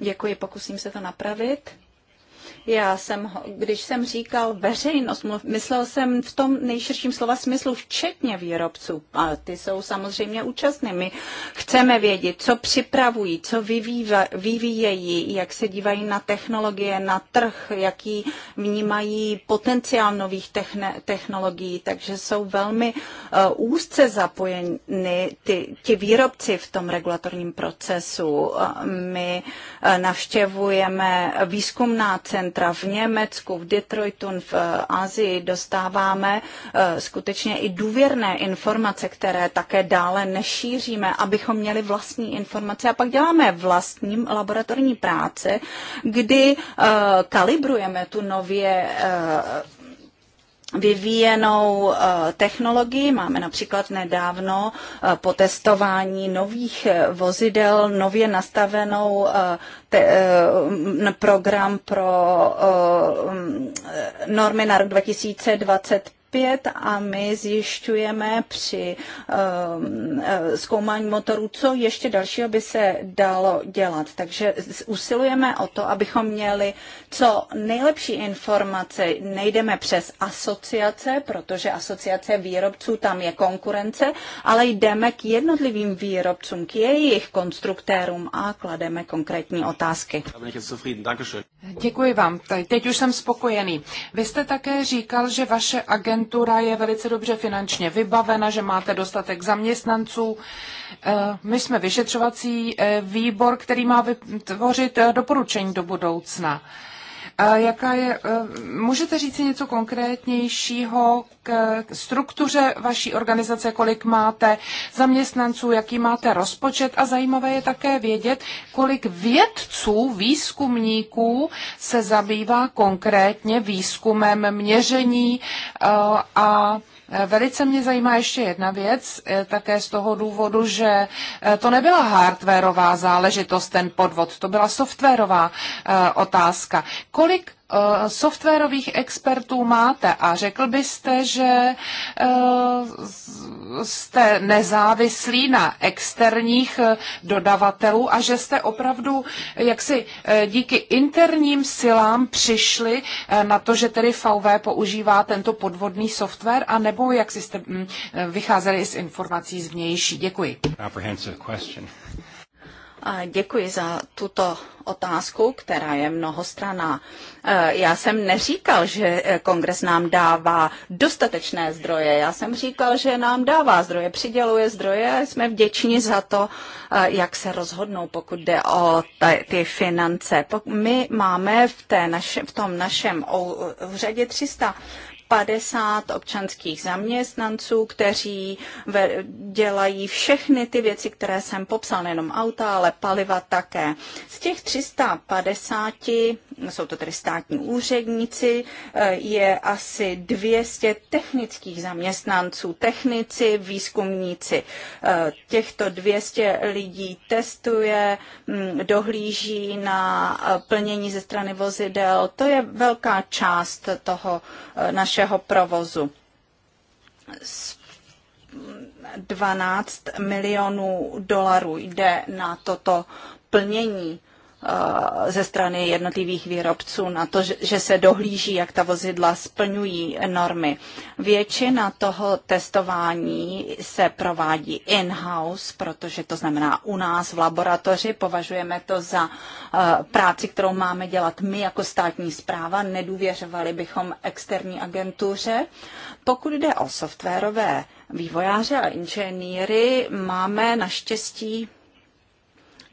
Děkuji, pokusím se to napravit. Já jsem, když jsem říkal veřejnost, myslel jsem v tom nejširším slova smyslu, včetně výrobců. A ty jsou samozřejmě účastní. My chceme vědět, co připravují, co vyvíjejí, jak se dívají na technologie, na trh, jaký vnímají potenciál nových techne, technologií. Takže jsou velmi uh, úzce zapojeny ty, ty výrobci v tom regulatorním procesu. Uh, my uh, navštěvujeme výzkumná centra, centra v Německu, v Detroitu, v eh, Asii dostáváme eh, skutečně i důvěrné informace, které také dále nešíříme, abychom měli vlastní informace a pak děláme vlastní laboratorní práce, kdy eh, kalibrujeme tu nově vyvíjenou eh, technologii. Máme například nedávno eh, po testování nových eh, vozidel nově nastavenou program pro normy na rok 2025 opět a my zjišťujeme při ehm, e, zkoumání motorů, co ještě dalšího by se dalo dělat. Takže usilujeme o to, abychom měli co nejlepší informace. Nejdeme přes asociace, protože asociace výrobců tam je konkurence, ale jdeme k jednotlivým výrobcům, k jejich konstruktérům a klademe konkrétní otázky. Děkuji vám. Teď už jsem spokojený. Vy jste také říkal, že vaše agenda agentura je velice dobře finančně vybavena, že máte dostatek zaměstnanců. Eh, my jsme vyšetřovací eh, výbor, který má vytvořit eh, doporučení do budoucna. Jaká je, eh, můžete říct něco konkrétnějšího k struktuře vaší organizace, kolik máte zaměstnanců, jaký máte rozpočet a zajímavé je také vědět, kolik vědců, výzkumníků se zabývá konkrétně výzkumem měření eh, a Eh, velice mě zajímá ještě jedna věc, eh, také z toho důvodu, že eh, to nebyla hardwareová záležitost, ten podvod, to byla softwarová otázka. Kolik Eh, softwarových expertů máte a řekl byste, že eh, jste nezávislí na externích eh, dodavatelů a že jste opravdu jaksi díky interním silám přišli na to, že tedy VV používá tento podvodný software a nebo jak jste mm, vycházeli z informací z vnější? Děkuji. Děkuji za tuto otázku, která je mnohostraná. E, já jsem neříkal, že e, kongres nám dává dostatečné zdroje. Já jsem říkal, že nám dává zdroje, přiděluje zdroje a jsme vděční za to, e, jak se rozhodnou, pokud jde o ty finance. My máme v, té naše, v tom našem úřadě 300 50 občanských zaměstnanců, kteří dělají všechny ty věci, které jsem popsal, nejenom auta, ale paliva také. Z těch 350 jsou to tedy státní úředníci, eh, je asi 200 technických zaměstnanců, technici, výzkumníci. Eh, těchto 200 lidí testuje, mm, dohlíží na eh, plnění ze strany vozidel. To je velká část toho našeho provozu. 12 milionů dolarů jde na toto plnění Eh, ze strany jednotlivých výrobců na to, že se dohlíží, jak ta vozidla splňují normy. Většina toho testování se provádí in-house, protože to znamená u nás v laboratoři. Považujeme to za eh, práci, kterou máme dělat my jako státní zpráva. Nedůvěřovali bychom externí agentuře. Pokud jde o softwarové vývojáře a inženýry, máme naštěstí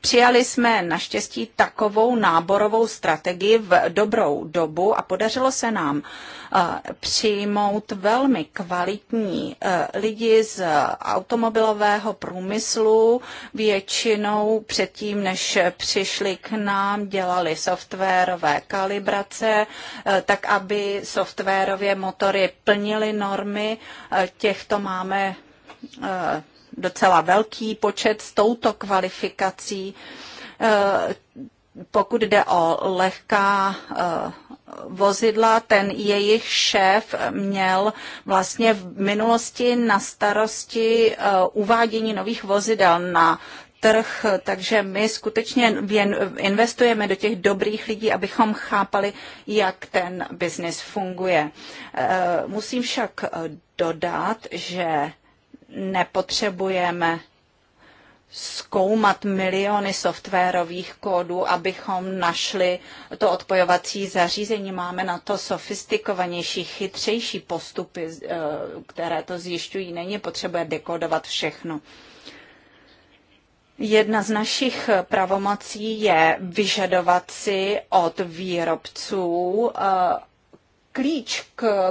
Přijali jsme naštěstí takovou náborovou strategii v dobrou dobu a podařilo se nám eh, přijmout velmi kvalitní eh, lidi z automobilového průmyslu. Většinou předtím, než přišli k nám, dělali softwarové kalibrace, eh, tak aby softwarově motory plnily normy. Těchto máme docela velký počet s touto kvalifikací. E, pokud jde o lehká e, vozidla, ten jejich šéf měl vlastně v minulosti na starosti e, uvádění nových vozidel na trh, takže my skutečně investujeme do těch dobrých lidí, abychom chápali, jak ten biznis funguje. Musím však dodat, že nepotřebujeme zkoumat miliony softwarových kódů, abychom našli to odpojovací zařízení. Máme na to sofistikovanější, chytřejší postupy, eh, které to zjišťují. Není potřeba dekodovat všechno. Jedna z našich pravomocí je vyžadovat si od výrobců eh, klíč,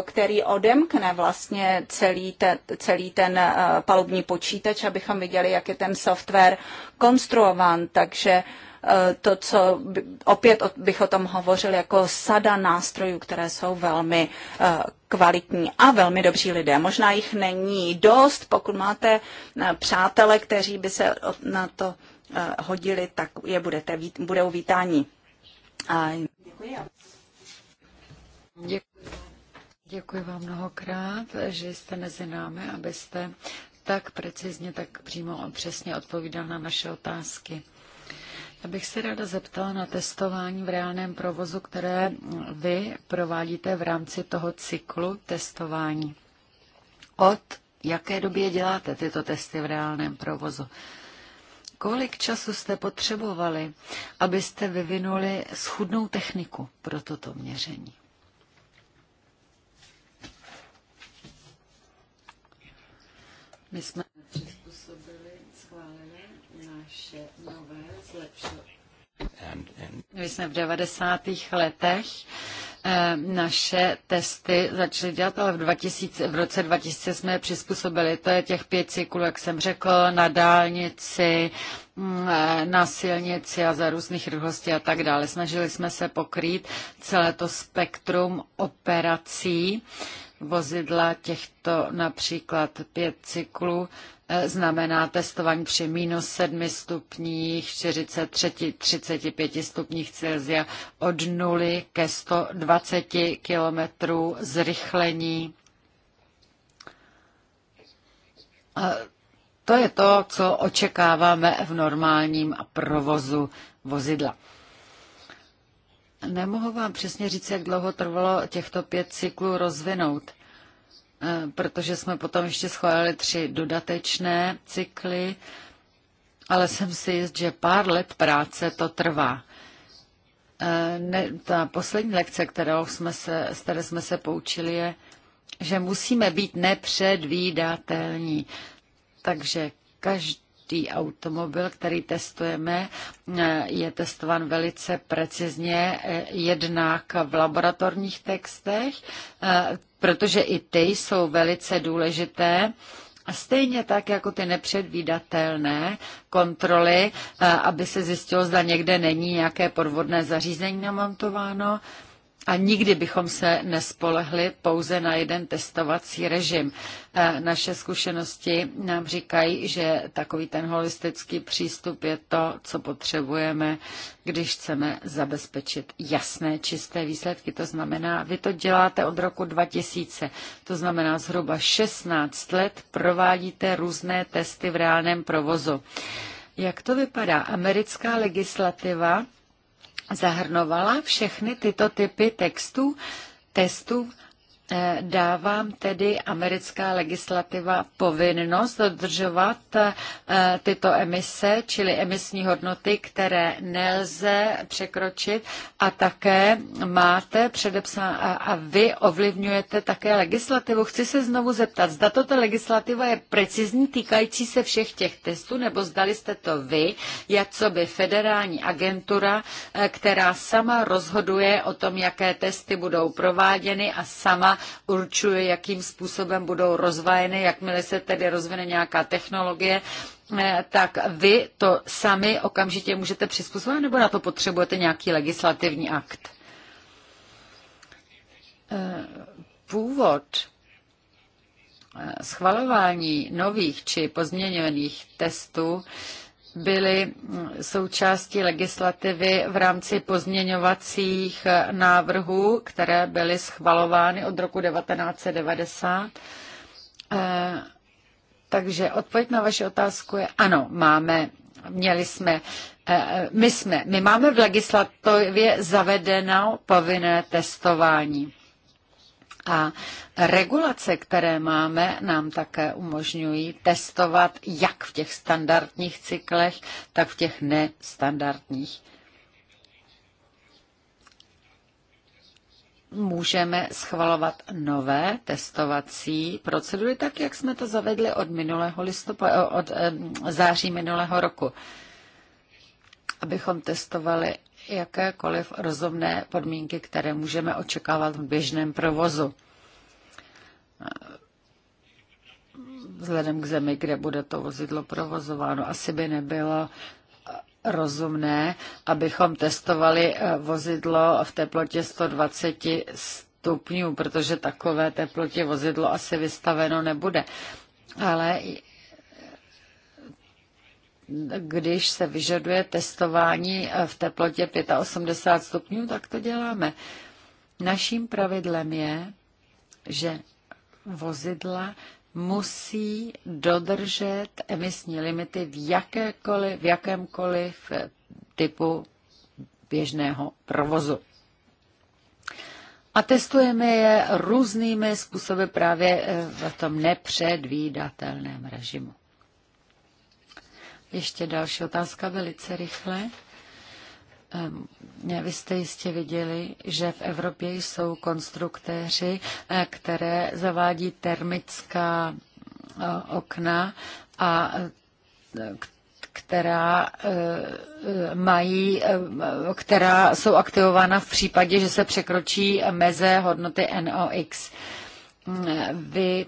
který odemkne vlastně celý, ten celý ten eh, palubní počítač, abychom viděli, jak je ten software konstruován. Takže eh, to, co opět bych o tom hovořil, jako sada nástrojů, které jsou velmi eh, kvalitní a velmi dobří lidé. Možná jich není dost, pokud máte přátele, kteří by se na to hodili, tak je budete, budou vítání. Děkuji. Děkuji. Děkuji vám mnohokrát, že jste mezi námi, abyste tak precizně, tak přímo a přesně odpovídal na naše otázky. Já bych se ráda zeptala na testování v reálném provozu, které vy provádíte v rámci toho cyklu testování. Od jaké době děláte tyto testy v reálném provozu? Kolik času jste potřebovali, abyste vyvinuli schudnou techniku pro toto měření? My jsme přizpůsobili, schválili naše nové zlepšení. My jsme v 90. letech eh, naše testy začaly dělat, ale v, 2000, v roce 2000 jsme je přizpůsobili. To je těch pět cyklů, jak jsem řekl, na dálnici, mm, eh, na silnici a za různých rychlostí a tak dále. Snažili jsme se pokrýt celé to spektrum operací vozidla těchto například pět cyklů eh, znamená testování při minus 7 stupních, 43, 35 stupních Celsia od 0 ke 120 km zrychlení. A to je to, co očekáváme v normálním provozu vozidla. Nemohu vám přesně říct, jak dlouho trvalo těchto pět cyklů rozvinout, eh, protože jsme potom ještě schválili tři dodatečné cykly, ale jsem si jist, že pár let práce to trvá. Eh, ne, ta poslední lekce, kterou jsme se, z které jsme se poučili, je, že musíme být nepředvídatelní. Takže každý každý automobil, který testujeme, e, je testován velice precizně e, jednak v laboratorních textech, e, protože i ty jsou velice důležité. A stejně tak jako ty nepředvídatelné kontroly, aby se zjistilo, zda někde není nějaké podvodné zařízení namontováno, a nikdy bychom se nespolehli pouze na jeden testovací režim. E, naše zkušenosti nám říkají, že takový ten holistický přístup je to, co potřebujeme, když chceme zabezpečit jasné, čisté výsledky. To znamená, vy to děláte od roku 2000, to znamená zhruba 16 let provádíte různé testy v reálném provozu. Jak to vypadá? Americká legislativa zahrnovala všechny tyto typy textů, testů dávám tedy americká legislativa povinnost dodržovat eh, tyto emise, čili emisní hodnoty, které nelze překročit a také máte předepsáno a vy ovlivňujete také legislativu. Chci se znovu zeptat, zda toto legislativa je precizní týkající se všech těch testů, nebo zdali jste to vy, jak co by federální agentura, eh, která sama rozhoduje o tom, jaké testy budou prováděny a sama určuje, jakým způsobem budou rozvajeny, jakmile se tedy rozvine nějaká technologie, eh, tak vy to sami okamžitě můžete přizpůsobit, nebo na to potřebujete nějaký legislativní akt? Eh, původ eh, schvalování nových či pozměněných testů byly mm, součástí legislativy v rámci pozměňovacích eh, návrhů, které byly schvalovány od roku 1990. Eh, takže odpověď na vaši otázku je ano, máme, měli jsme, eh, my jsme, my máme v legislativě zavedeno povinné testování. A regulace, které máme, nám také umožňují testovat jak v těch standardních cyklech, tak v těch nestandardních. Můžeme schvalovat nové testovací procedury, tak jak jsme to zavedli od, minulého listopadu, od eh, září minulého roku, abychom testovali jakékoliv rozumné podmínky, které můžeme očekávat v běžném provozu. Vzhledem k zemi, kde bude to vozidlo provozováno, asi by nebylo rozumné, abychom testovali eh, vozidlo v teplotě 120 stupňů, protože takové teplotě vozidlo asi vystaveno nebude. Ale když se vyžaduje testování eh, v teplotě 85 stupňů, tak to děláme. Naším pravidlem je, že vozidla musí dodržet emisní limity v, jakékoliv, v jakémkoliv eh, typu běžného provozu. A testujeme je různými způsoby právě eh, v tom nepředvídatelném režimu. Ještě další otázka, velice rychle. Ehm, vy jste jistě viděli, že v Evropě jsou konstruktéři, eh, které zavádí termická eh, okna a eh, která mají, která jsou aktivována v případě, že se překročí meze hodnoty NOx. Ehm, vy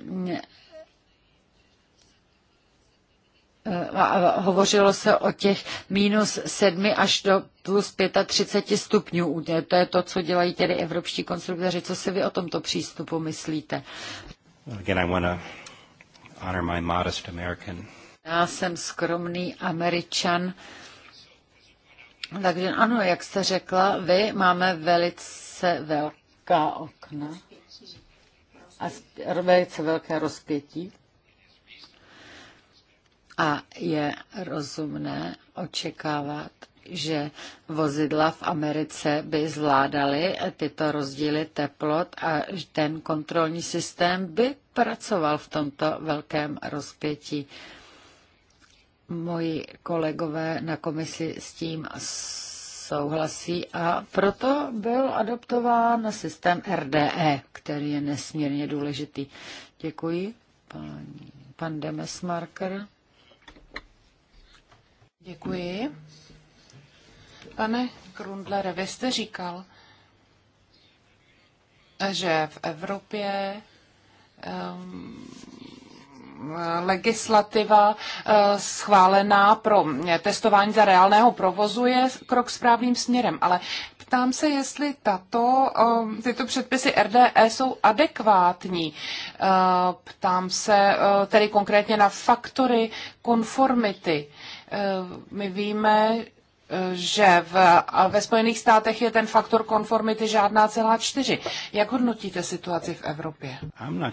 Eh, hovořilo se o těch minus 7 až do plus 35 stupňů. To je to, co dělají tedy evropští konstruktoři. Co si vy o tomto přístupu myslíte? Já jsem skromný američan, takže ano, jak jste řekla, vy máme velice velká okna a velice velké rozpětí a je rozumné očekávat, že vozidla v Americe by zvládaly tyto rozdíly teplot a ten kontrolní systém by pracoval v tomto velkém rozpětí. Moji kolegové na komisi s tím souhlasí a proto byl adoptován systém RDE, který je nesmírně důležitý. Děkuji. Pan, pan Demesmarker. Děkuji. Pane Grundler, vy jste říkal, že v Evropě um, legislativa e, schválená pro e, testování za reálného provozu je krok správným směrem, ale ptám se, jestli tato, ehm, tyto předpisy RDE jsou adekvátní. E, ptám se tedy konkrétně na faktory konformity. Eh, my víme, eh, že v, ve Spojených státech je ten faktor konformity žádná celá čtyři. Jak hodnotíte situaci v Evropě? Uh,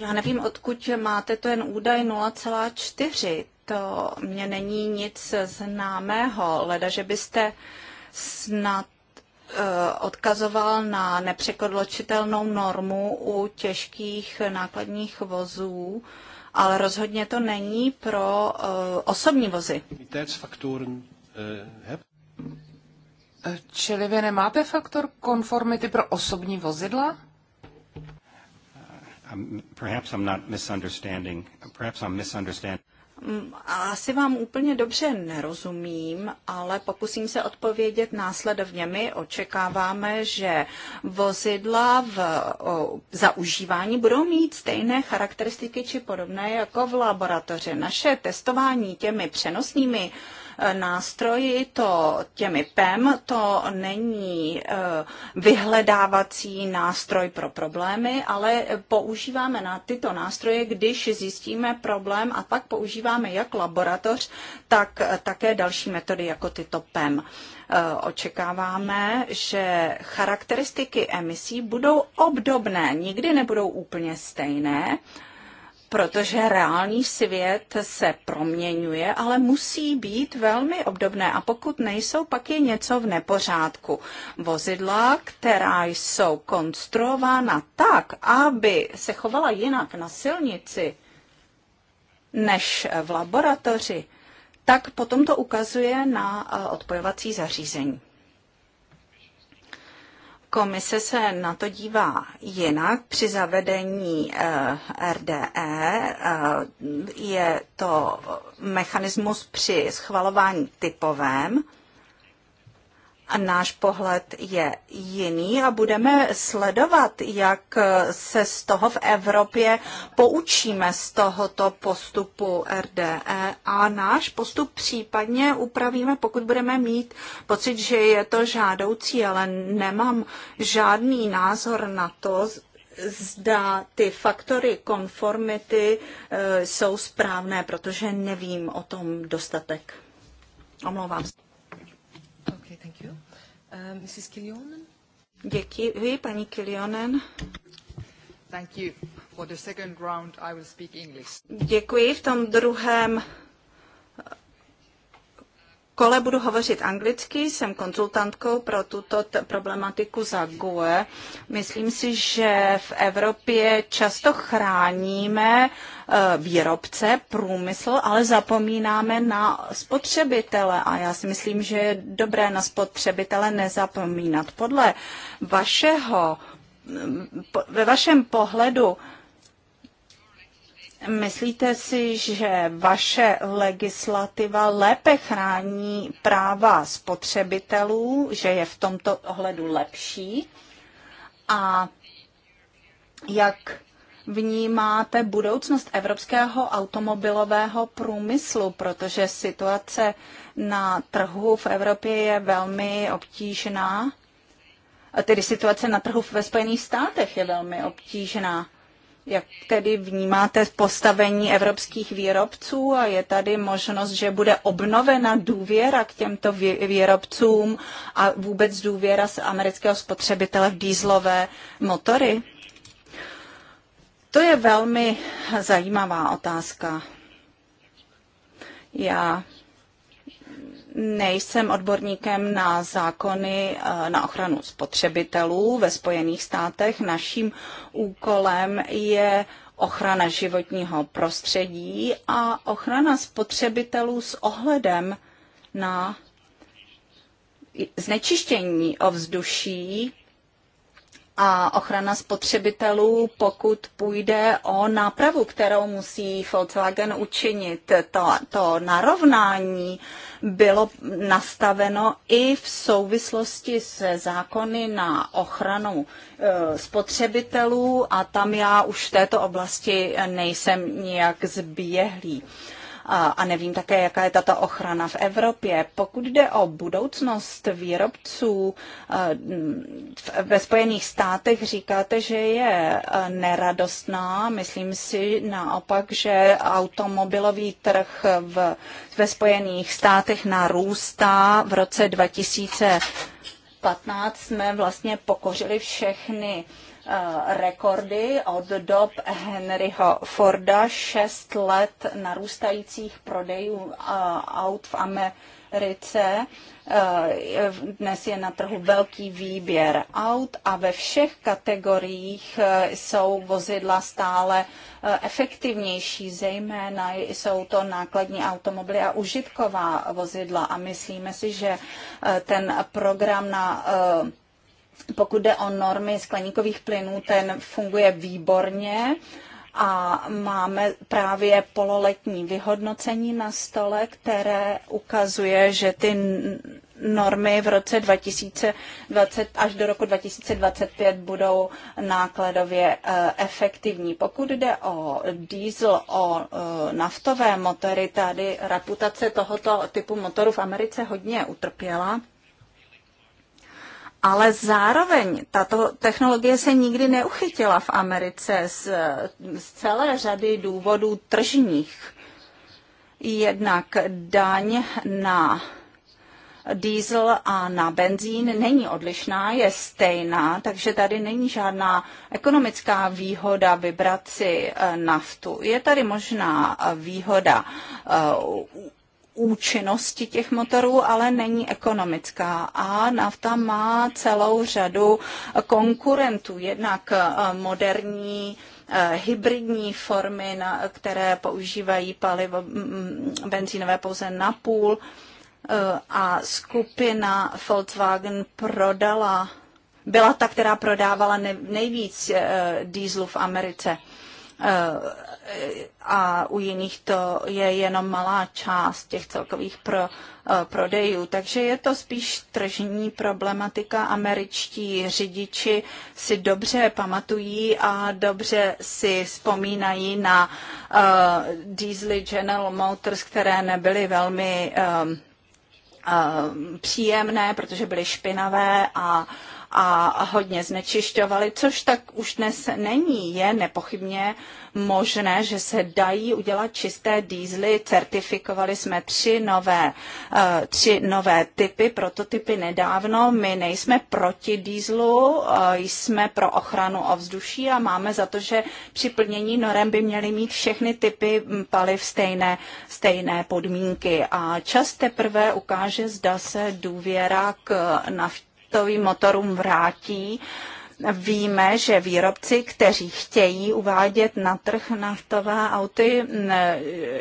Já nevím, odkud máte ten údaj 0,4. To mě není nic známého, leda, že byste snad eh, odkazoval na nepřekodločitelnou normu u těžkých nákladních vozů, ale rozhodně to není pro uh, osobní vozy. Eh, eh, čili vy nemáte faktor konformity pro osobní vozidla? Perhaps I'm not misunderstanding. Perhaps I'm misunderstanding. Asi vám úplně dobře nerozumím, ale pokusím se odpovědět následovně. My očekáváme, že vozidla v zaužívání budou mít stejné charakteristiky či podobné jako v laboratoři. Naše testování těmi přenosnými uh, nástroji, to těmi PEM, to není eh, vyhledávací nástroj pro problémy, ale používáme na tyto nástroje, když zjistíme problém a pak používáme jak laboratoř, tak eh, také další metody jako tyto PEM eh, očekáváme, že charakteristiky emisí budou obdobné, nikdy nebudou úplně stejné, protože reálný svět se proměňuje, ale musí být velmi obdobné a pokud nejsou, pak je něco v nepořádku. Vozidla, která jsou konstruována tak, aby se chovala jinak na silnici než v laboratoři, tak potom to ukazuje na eh, odpojovací zařízení. Komise se na to dívá jinak. Při zavedení eh, RDE eh, je to mechanismus při schvalování typovém náš pohled je jiný a budeme sledovat, jak se z toho v Evropě poučíme z tohoto postupu RDE a náš postup případně upravíme, pokud budeme mít pocit, že je to žádoucí, ale nemám žádný názor na to, zda ty faktory konformity e, jsou správné, protože nevím o tom dostatek. Omlouvám se. Uh, Mrs. Kilionen. Děkuji, paní Kilionen. Thank you. For the second round I will speak English. Děkuji. V tom druhém kole budu hovořit anglicky, jsem konzultantkou pro tuto problematiku za GUE. Myslím si, že v Evropě často chráníme eh, výrobce, průmysl, ale zapomínáme na spotřebitele a já si myslím, že je dobré na spotřebitele nezapomínat. Podle vašeho, mm, ve vašem pohledu, Myslíte si, že vaše legislativa lépe chrání práva spotřebitelů, že je v tomto ohledu lepší? A jak vnímáte budoucnost evropského automobilového průmyslu, protože situace na trhu v Evropě je velmi obtížná, tedy situace na trhu ve Spojených státech je velmi obtížná. Jak tedy vnímáte postavení evropských výrobců a je tady možnost, že bude obnovena důvěra k těmto výrobcům a vůbec důvěra z amerického spotřebitele v dýzlové motory? To je velmi zajímavá otázka. Já nejsem odborníkem na zákony eh, na ochranu spotřebitelů ve Spojených státech. Naším úkolem je ochrana životního prostředí a ochrana spotřebitelů s ohledem na znečištění ovzduší a ochrana spotřebitelů, pokud půjde o nápravu, kterou musí Volkswagen učinit. To, to narovnání bylo nastaveno i v souvislosti se zákony na ochranu e, spotřebitelů a tam já už v této oblasti nejsem nijak zběhlý a, nevím také, jaká je tato ochrana v Evropě. Pokud jde o budoucnost výrobců eh, ve Spojených státech, říkáte, že je eh, neradostná. Myslím si naopak, že automobilový trh v, ve Spojených státech narůstá v roce 2000 15 jsme vlastně pokořili všechny Eh, rekordy od dob Henryho Forda, šest let narůstajících prodejů eh, aut v Americe. Eh, dnes je na trhu velký výběr aut a ve všech kategoriích jsou vozidla stále efektivnější, zejména jsou to nákladní automobily a užitková vozidla. A myslíme si, že ten program na pokud jde o normy skleníkových plynů, ten funguje výborně a máme právě pololetní vyhodnocení na stole, které ukazuje, že ty normy v roce 2020 až do roku 2025 budou nákladově eh, efektivní. Pokud jde o diesel, o eh, naftové motory, tady reputace tohoto typu motoru v Americe hodně utrpěla ale zároveň tato technologie se nikdy neuchytila v Americe z, z celé řady důvodů tržních. Jednak daň na diesel a na benzín není odlišná, je stejná, takže tady není žádná ekonomická výhoda vybrat si eh, naftu. Je tady možná eh, výhoda eh, účinnosti těch motorů, ale není ekonomická. A nafta má celou řadu konkurentů, jednak eh, moderní eh, hybridní formy, které používají palivo benzínové pouze na půl eh, a skupina Volkswagen prodala, byla ta, která prodávala nejvíc dýzlu v Americe a u jiných to je jenom malá část těch celkových pro, eh, prodejů. Takže je to spíš tržní problematika. Američtí řidiči si dobře pamatují a dobře si vzpomínají na uh, eh, Diesel General Motors, které nebyly velmi um, um, příjemné, protože byly špinavé a uh, a hodně znečišťovali, což tak už dnes není. Je nepochybně možné, že se dají udělat čisté dýzly. Certifikovali jsme tři nové, eh, tři nové typy, prototypy nedávno. My nejsme proti dýzlu, eh, jsme pro ochranu ovzduší a máme za to, že při plnění norem by měly mít všechny typy hm, paliv stejné, stejné podmínky. A čas teprve ukáže, zda se důvěra k naftě raketovým motorům vrátí. Víme, že výrobci, kteří chtějí uvádět na trh naftové auty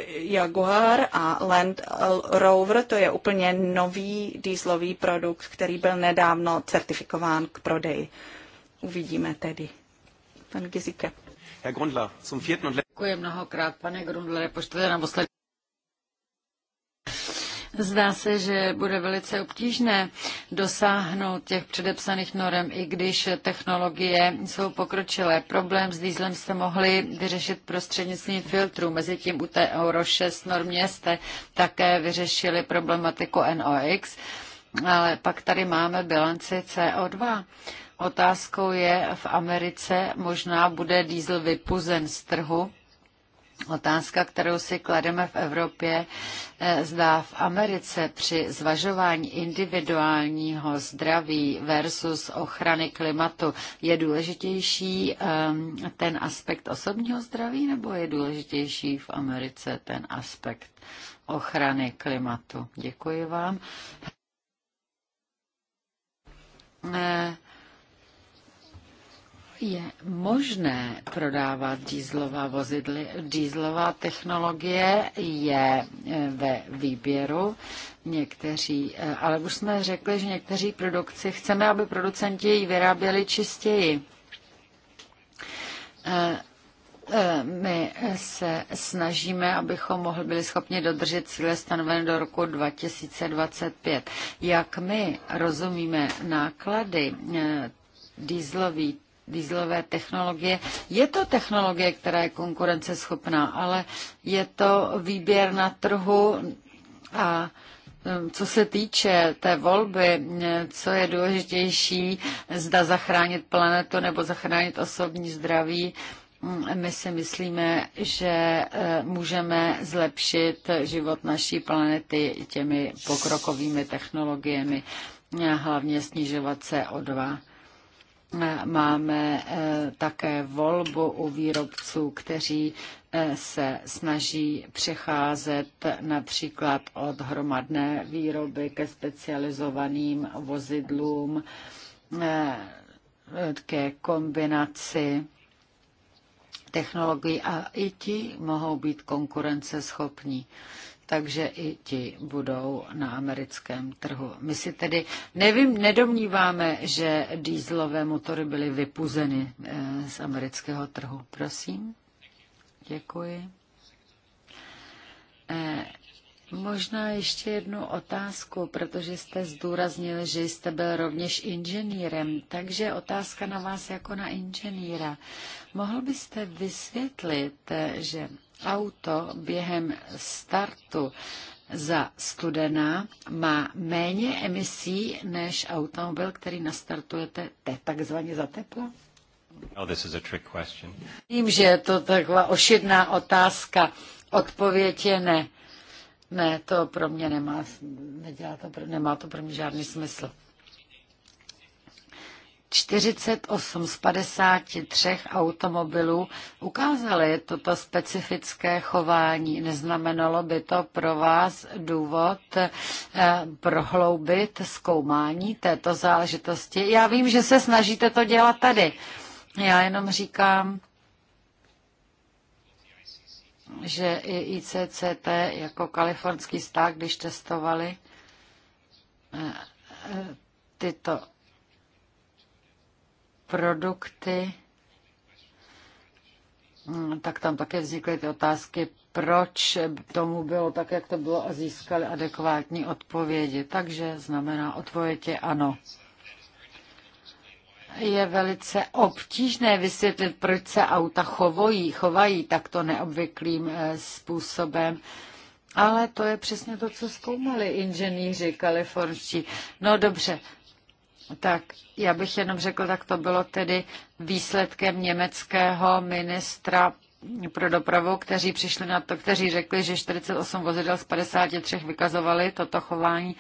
Jaguar a Land Rover, to je úplně nový dýzlový produkt, který byl nedávno certifikován k prodeji. Uvidíme tedy. Pan Gizike. Herr Grundler, zum vierten und Děkuji mnohokrát, pane Grundler, poštěte na poslední Zdá se, že bude velice obtížné dosáhnout těch předepsaných norem, i když technologie jsou pokročilé. Problém s dýzlem se mohli vyřešit prostřednictvím filtrů. Mezitím u té Euro 6 normě jste také vyřešili problematiku NOx, ale pak tady máme bilanci CO2. Otázkou je, v Americe možná bude dýzl vypuzen z trhu, Otázka, kterou si klademe v Evropě, eh, zdá v Americe při zvažování individuálního zdraví versus ochrany klimatu, je důležitější ehm, ten aspekt osobního zdraví nebo je důležitější v Americe ten aspekt ochrany klimatu? Děkuji vám. Eh, je možné prodávat dízlová vozidly. Dízlová technologie je eh, ve výběru. Někteří, eh, ale už jsme řekli, že někteří produkci chceme, aby producenti ji vyráběli čistěji. Eh, my se snažíme, abychom mohli byli schopni dodržet cíle stanovené do roku 2025. Jak my rozumíme náklady, dýzlový dýzlové technologie. Je to technologie, která je konkurenceschopná, ale je to výběr na trhu a hm, co se týče té volby, co je důležitější, zda zachránit planetu nebo zachránit osobní zdraví, hm, my si myslíme, že eh, můžeme zlepšit život naší planety těmi pokrokovými technologiemi, hm, hlavně snižovat CO2. Máme eh, také volbu u výrobců, kteří eh, se snaží přecházet například od hromadné výroby ke specializovaným vozidlům, eh, ke kombinaci technologií a i ti mohou být konkurenceschopní takže i ti budou na americkém trhu. My si tedy nevím, nedomníváme, že dýzlové motory byly vypuzeny eh, z amerického trhu. Prosím. Děkuji. Eh, možná ještě jednu otázku, protože jste zdůraznil, že jste byl rovněž inženýrem, takže otázka na vás jako na inženýra. Mohl byste vysvětlit, eh, že auto během startu za studená má méně emisí než automobil, který nastartujete te, takzvaně za tepla? Oh, this is a trick question. Vím, že je to taková ošidná otázka. Odpověď je ne. Ne, to pro mě nemá, nedělá to, nemá to pro mě žádný smysl. 48 z 53 automobilů ukázaly toto specifické chování. Neznamenalo by to pro vás důvod eh, prohloubit zkoumání této záležitosti? Já vím, že se snažíte to dělat tady. Já jenom říkám, že i ICCT jako kalifornský stát, když testovali eh, eh, tyto produkty, mm, tak tam také vznikly ty otázky, proč tomu bylo tak, jak to bylo a získali adekvátní odpovědi. Takže znamená odpověď je ano. Je velice obtížné vysvětlit, proč se auta chovají, chovají takto neobvyklým eh, způsobem. Ale to je přesně to, co zkoumali inženýři kalifornští. No dobře, tak já bych jenom řekl, tak to bylo tedy výsledkem německého ministra pro dopravu, kteří přišli na to, kteří řekli, že 48 vozidel z 53 vykazovali toto chování,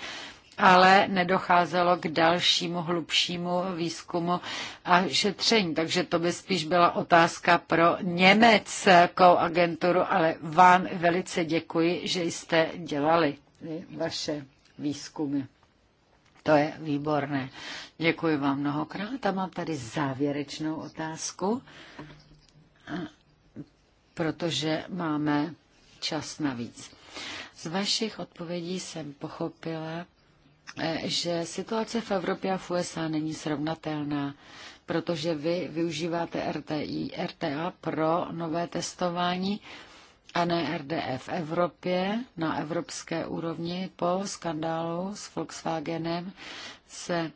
ale nedocházelo k dalšímu hlubšímu výzkumu a šetření. Takže to by spíš byla otázka pro německou agenturu, ale vám velice děkuji, že jste dělali vaše výzkumy. To je výborné. Děkuji vám mnohokrát a mám tady závěrečnou otázku, protože máme čas navíc. Z vašich odpovědí jsem pochopila, e, že situace v Evropě a v USA není srovnatelná, protože vy využíváte RTI, RTA pro nové testování a ne RDF v Evropě na evropské úrovni po skandálu s Volkswagenem se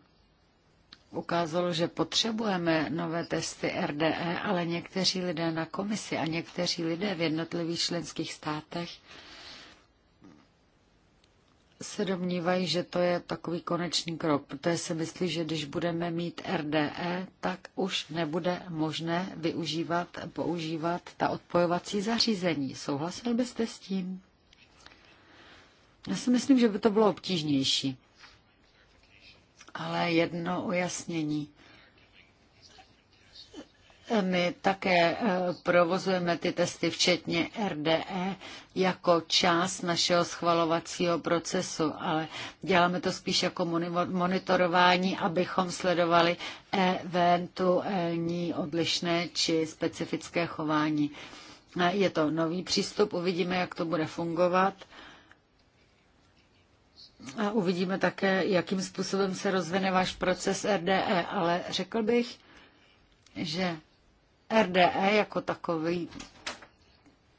ukázalo, že potřebujeme nové testy RDE, ale někteří lidé na komisi a někteří lidé v jednotlivých členských státech se domnívají, že to je takový konečný krok, protože si myslí, že když budeme mít RDE, tak už nebude možné využívat, používat ta odpojovací zařízení. Souhlasil byste s tím? Já si myslím, že by to bylo obtížnější. Ale jedno ujasnění. My také eh, provozujeme ty testy, včetně RDE, jako část našeho schvalovacího procesu, ale děláme to spíš jako monitorování, abychom sledovali eventuální eh, odlišné či specifické chování. Eh, je to nový přístup, uvidíme, jak to bude fungovat. A uvidíme také, jakým způsobem se rozvine váš proces RDE, ale řekl bych, že RDE jako takový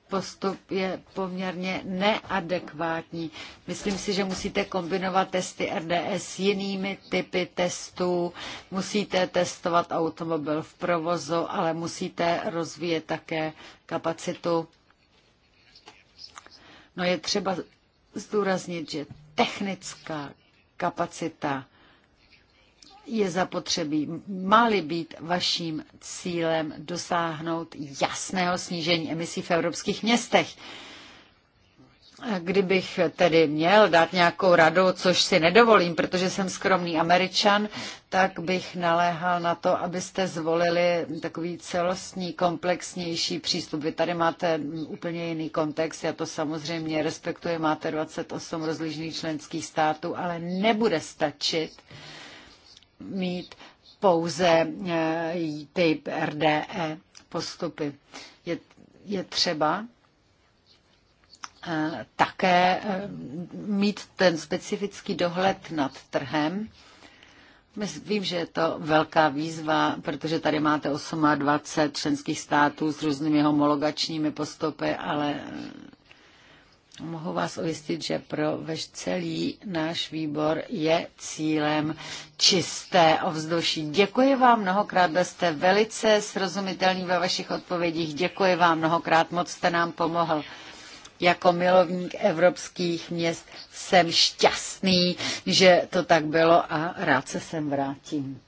postup je poměrně neadekvátní. Myslím si, že musíte kombinovat testy RDE s jinými typy testů. Musíte testovat automobil v provozu, ale musíte rozvíjet také kapacitu. No je třeba zdůraznit, že technická kapacita je zapotřebí, má být vaším cílem dosáhnout jasného snížení emisí v evropských městech. Kdybych tedy měl dát nějakou radu, což si nedovolím, protože jsem skromný američan, tak bych naléhal na to, abyste zvolili takový celostní, komplexnější přístup. Vy tady máte úplně jiný kontext, já to samozřejmě respektuji, máte 28 rozličných členských států, ale nebude stačit, mít pouze eh, ty RDE postupy. Je, je třeba eh, také eh, mít ten specifický dohled nad trhem. Vím, že je to velká výzva, protože tady máte 28 členských států s různými homologačními postupy, ale Mohu vás ujistit, že pro veš celý náš výbor je cílem čisté ovzduší. Děkuji vám mnohokrát, byl jste velice srozumitelný ve vašich odpovědích. Děkuji vám mnohokrát, moc jste nám pomohl. Jako milovník evropských měst jsem šťastný, že to tak bylo a rád se sem vrátím.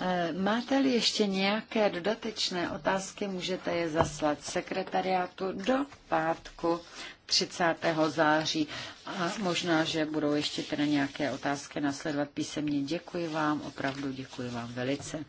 Eh, máte-li ještě nějaké dodatečné otázky, můžete je zaslat sekretariátu do pátku 30. září. A možná, že budou ještě teda nějaké otázky nasledovat písemně. Děkuji vám, opravdu děkuji vám velice.